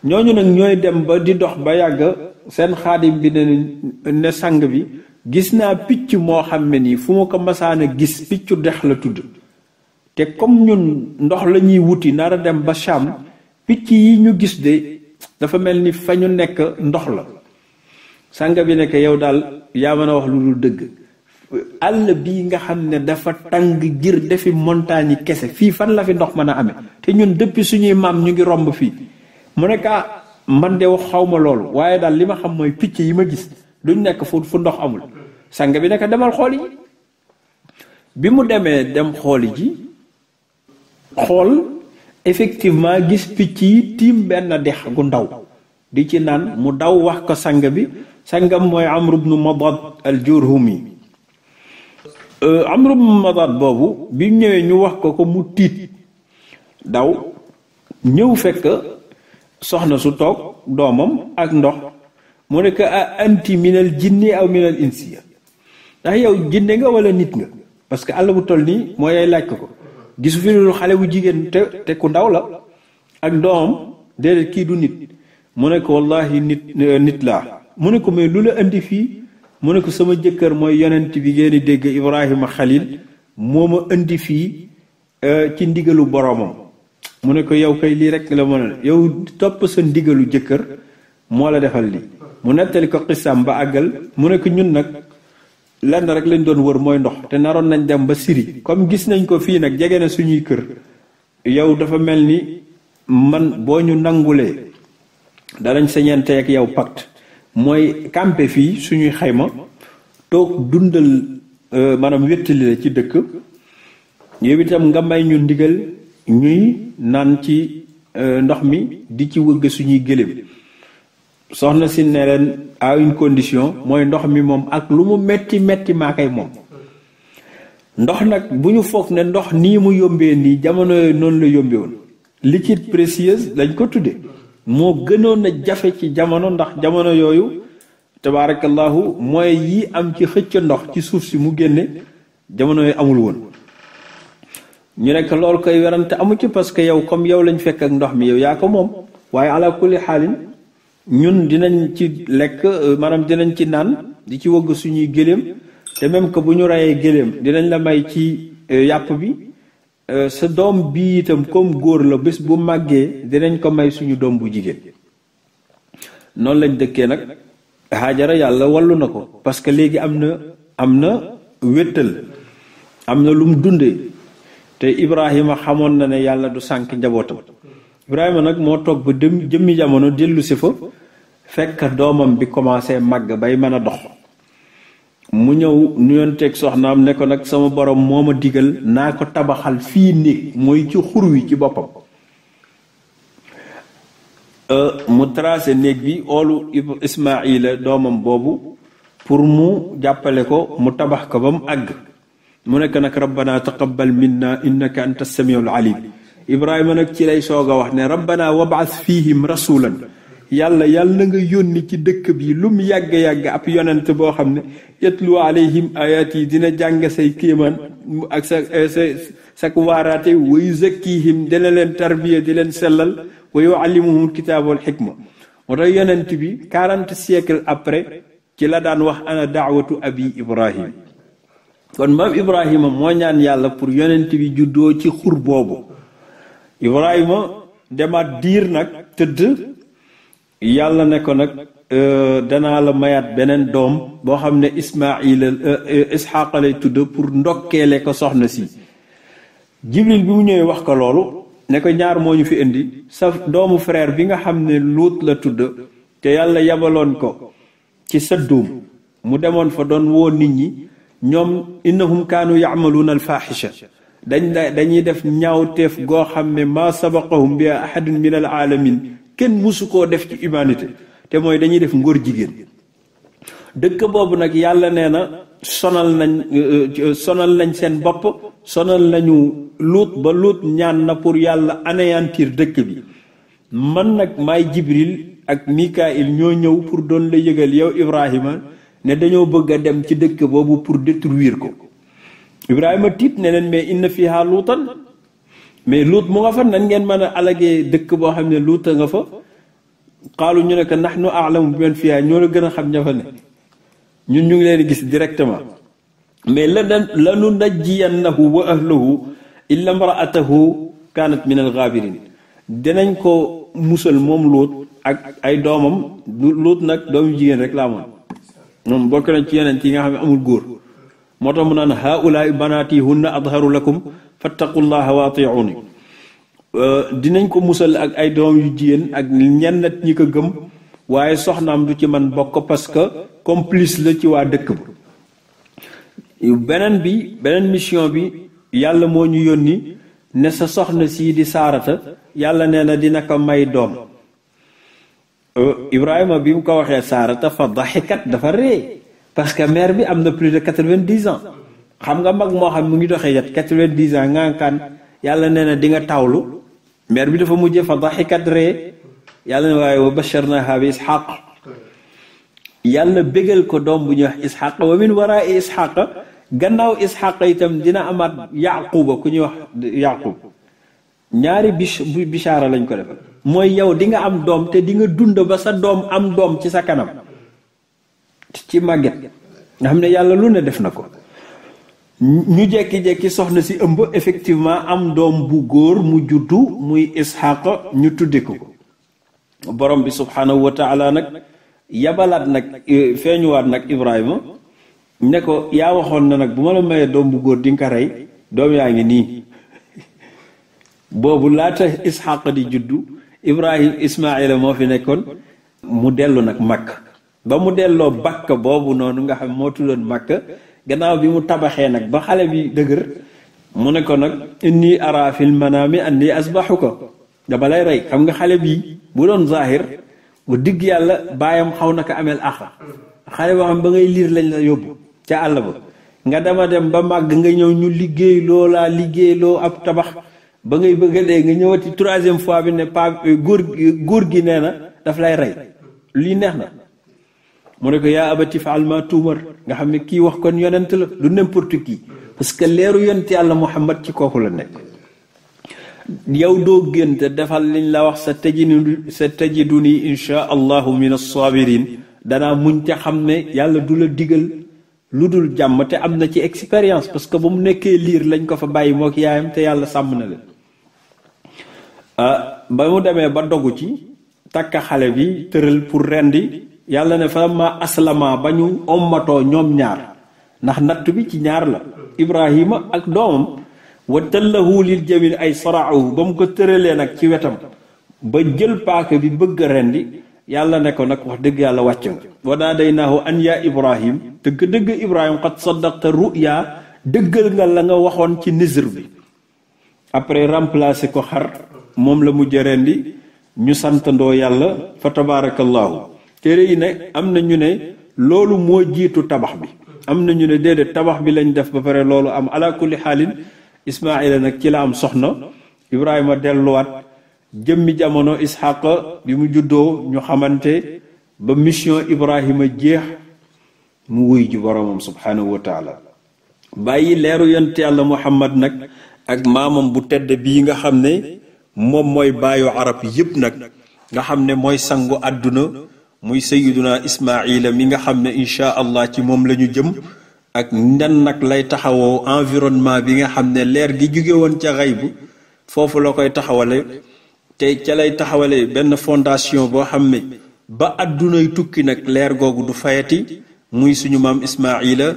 ñooñu nag ñooy dem ba di dox ba yàgg seen xaadim bi ne ne sang bi gis naa picc moo xam ne nii fu ma ko masaan a gis piccu dex la tudd te comme ñun ndox la ñuy wuti nar a dem ba Cham picc yi ñu gis de dafa mel ni fa ñu nekk ndox la sànga bi nekk yow daal yaa mën a wax lu dul dëgg àll bi nga xam ne dafa tàng ngir defi montagne yi kese fii fan la fi ndox mën a amee te ñun depuis suñuy maam ñu ngi romb fii mu nekk ah man de wax xaw ma loolu waaye daal li ma xam mooy picc yi ma gis duñ nekk fu fu ndox amul sang bi nekk demal xooli bi mu demee dem xooli ji xool effectivement gis picc yi tiim benn dex gu ndaw di ci naan mu daw wax ko sang bi sangam mooy amru bnu madad al jurhumi euh, amru mu madad boobu bi ñëwee ñu wax ko ko mu tiit daw ñëw fekk soxna su toog doomam ak ndox mu ne ko anti minal jinni aw minal insi ndax yow jinne nga wala nit nga parce que àll bu toll nii moo yaay laaj ko ko gisu fi lu xale bu jigéen te te ku ndaw la ak doomam déedéet kii du nit mu ne ko wallahi nit euh, nit laa mu ne ko mais lu la fii mu ne ko sama jëkkër mooy yonent bi ngeen di dégg Ibrahima Khalil moo ma andi fii euh, ci ndigalu boroomam mu ne ko yow kay lii rek la mën a yow topp sa ndigalu jëkkër moo la defal lii mu nettali ko xisaam ba àggal mu ne ko ñun nag lenn rek lañ doon wër mooy ndox te naroon nañ dem ba Syrie comme gis nañ ko fii nag jege na suñuy kër yow dafa mel ni man boo ñu nangulee dalañ sañante ak yow pacte mooy campé fii suñuy xayma toog dundal euh, maanaam wéttali ci dëkk yow itam nga may ñu ndigal ñuy naan ci euh, ndox mi di ci wëgg suñuy gëléem soxna si ne leen condition mooy ndox mi moom ak lu mu metti metti maa koy moom ndox nag bu ñu foog ne ndox nii mu yombee nii jamono yooyu noonu la yombe woon liquide précieuse lañ ko tudde moo gënoon a jafe ci jamono ndax jamono yooyu tabaarakallahu mooy yi am ci xëcc ndox ci suuf si mu génne jamono yooyu amul woon ñu nekk loolu koy werante amu ci parce que yow comme yow lañ fekk ak ndox mi yow yaa ko moom waaye ala kulli xaalin ñun dinañ ci lekk euh, maanaam dinañ ci naan di ci wëgg suñuy géléem te même que bu ñu reyee géléem dinañ la may ci euh, yàpp bi euh, sa doom bii itam comme góor la bés bu màggee dinañ ko may suñu doom bu jigéen noonu lañ dëkkee nag xaajara yàlla wallu na ko parce que léegi am na am na wétal am na lu mu dundee te Ibrahima xamoon na ne yàlla du sànk njabootam Ibrahima nag moo toog ba dem jëmmi jamono dellu fa fekk doomam bi commencé màgg bay mën a dox mu ñëw nuyonteeg soxnaam ne ko nag sama borom moo ma diggal naa ko tabaxal fii néeg mooy ci xur wi ci boppam euh, mu tracé néeg bi oolu Ismaila doomam boobu pour mu jàppale ko mu tabax ko ba mu àgg mu nekk nag rabbana taqabbal minna innaka anta samiul alim ibrahima nag ci lay soog a wax ne rabbana wabaas fihim rasulan yàlla yàlla na nga yónni ci dëkk bi lu yàgg-yàgg ab yonent boo xam ne yatlu alayhim ayat yi dina jàng say kéemaan ak sa eh, sa sak waaraate way dina leen tarbiya di leen sellal wa yuallimuhum kitaab wal xikma moo tax yonent bi quarante siècles après ci la daan wax ana daawatu abi ibrahim kon maam ibrahima moo ñaan yàlla pour yonent bi juddoo ci xur boobu Ibrahima demaat diir nag tëdd yàlla ne ko nag euh, danaa la mayaat beneen doom boo xam ne Ismaayila euh, euh, Isxaaqa lay tudd pour ndokkeele ko soxna si Jibril bi mu ñëwee wax ko loolu ne ko ñaar moo ñu fi indi sa doomu freer bi nga xam ne luut la tudd te yàlla yabaloon ko ci sadduum mu demoon fa doon woo nit ñi ñoom innahum kaanu na alfaaxisha dañ dañuy def ñaaw teef goo xam ne maa sabaqahum mbi ahadun min al alamin kenn musu koo def ci humanité te mooy dañuy def ngóor jigéen dëkk boobu nag yàlla nee na sonal nañ euh, sonal nañ seen bopp sonal nañu luut ba luut ñaan na pour yàlla anéantir dëkk bi man nag may jibril ak mikail ñoo ñëw pour doon la yëgal yow ibrahima ne dañoo bëgg a dem ci dëkk boobu pour détruire ko Ibrahima tiit ne leen mais inna fiha luutan mais luut mu nga fa nan ngeen mën a alagee dëkk boo xam ne luuta nga fa xaalu ñu ne que nahnu a'lamu bi man fiha ñoo la gën a xam ña fa ne ñun ñu ngi leen gis directement mais la lanu najjiyannahu wa ahlahu illa mraatahu kaanat min alxaabirin dinañ ko musal moom luut ak ay doomam luut nag doomu jigéen rek laa moom moom bokk nañ ci yeneen yi nga xam ne amul góor moo tax mu naan haulaai banaati hunna adharu lakum fattaqullaha wa atiuni euh, dinañ ko musal ak ay doom yu jigéen ak ñenn ñi ko gëm waaye soxnaam du ci man bokk parce que complice la ci waa dëkk ba beneen bi beneen mission bi yàlla moo ñu yónni ne sa soxna sii di saarata yàlla nee na dina ko may doom euh, ibrahima bi mu ko waxee saarata fa daxikat dafa ree parce que maire bi am na plus de quatre-vingt-dix ans xam nga mag moo xam mu ngi doxee yat quatre-vingt-dix ans ngankaan yàlla nee na di tawlu maire bi dafa mujjee fa daxikat ree yàlla ne waaye wa basharnaha bi isxaq yàlla bégal ko doom bu ñuy wax isxaq wa min waraai isxaq gannaaw isxaq itam dina amaat yaquba ku ñuy wax yaqub ñaari bish bishaara lañ ko defal mooy yow di nga am doom te di nga dund ba sa doom am doom ci sa kanam ci màgget nga xam ne yàlla lu ne def na ko ñu jekki-jekki soxna si ëmb effectivement am doom bu góor mu juddu muy isxaq ñu tudde ko borom bi subhaanahu wa taala nag yabalaat nag e, feeñuwaat nag ibrahima ne ko yaa waxoon na nag bu ma la mayee doom bu góor di ko rey doom yaa ngi nii boobu laata isxaq di juddu ibrahim ismaila moo fi nekkoon mu dellu nag makk ba mu delloo bakka boobu noonu nga xam moo tuddoon makka gannaaw bi mu tabaxee nag ba xale bi dëgër mu ne ko nag inni ara fil manaami anni asbaxu ko dama lay rey xam nga xale bi bu doon zahir bu digg yàlla baayam xaw na ko ameel axa xale boo xam ba ngay liir lañ la yóbbu ca àll ba nga dama dem ba màgg nga ñëw ñu liggéey loo laa liggéey loo ab tabax ba ngay bëgg dee nga ñëwati troisième fois bi ne pa góor góor gi nee na daf lay rey lii neex na mu ne ko yaa abati faal ma tuumar nga xam ne kii wax kon yonent la du n'importe qui parce que leeru yonent yàlla Muhammad ci kooku la nekk yow doo gën te defal lañ la wax sa tajiduni sa tajiduni insha allahu min as-sabirin danaa muñ te xam ne yàlla du la digal lu dul jàmm te am na ci expérience parce que ba mu nekkee liir lañ ko fa bàyyi moo ki yaayam te yàlla sàmm na leen ah ba mu demee ba dogu ci takk xale bi tëral pour rendi yàlla ne fa ma aslama ba ñu ommatoo ñoom ñaar ndax natt bi ci ñaar la ibrahima ak doomam wa tallahu lil jamil ay saraahu ba mu ko tëralee nag ci wetam ba jël paaka bi bëgg a rendi yàlla ne ko nag wax dëgg yàlla wàcc nga wa naadaynaahu an yaa ibrahim dëgg-dëgg ibrahim qad saddaqta ru'ya dëggal nga la nga waxoon ci nisr bi après remplacer ko xar moom la mujj rendi ñu santandoo yàlla fa tabarakallahu téere yi nag am na ñu ne loolu moo jiitu tabax bi am na ñu ne déedéet tabax bi lañ def ba pare loolu am ala kulli xaalin Ismaayila nag ci la am soxna Ibrahima delluwaat jëmmi jamono Isxaqa bi mu juddoo ñu xamante ba mission Ibrahima jeex mu wuy ji boromam subhaanahu wa bàyyi leeru yonent yàlla Muhammad nag ak maamam bu tedd bii nga xam ne moom mooy baayu arab yëpp nag nga xam ne mooy sangu àdduna muy sayiduna ismaila mi nga xam ne incha allah ci moom la ñu jëm ak nan nag lay taxawoo environnement bi nga xam ne leer gi jóge woon ca xaybu foofu la koy taxawale tey ca lay taxawale benn fondation boo xam ne ba addunay tukki nag leer googu du fayati muy suñu maam ismaila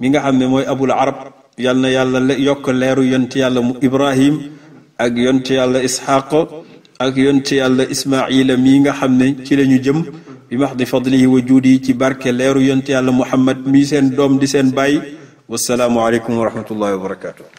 mi nga xam ne mooy abul arab yal na yàlla yokk leeru yont yàlla mu ibrahim ak yont yàlla isxaq ak yont yàlla ismaila mii nga xam ne ci lañu jëm bi maxdi fadlihi wa juudi ci barke leeru yonte yàlla muhammad mi seen doom di seen bàyyi wasalaamu aleykum wa rahmatullahi wa barakaatu.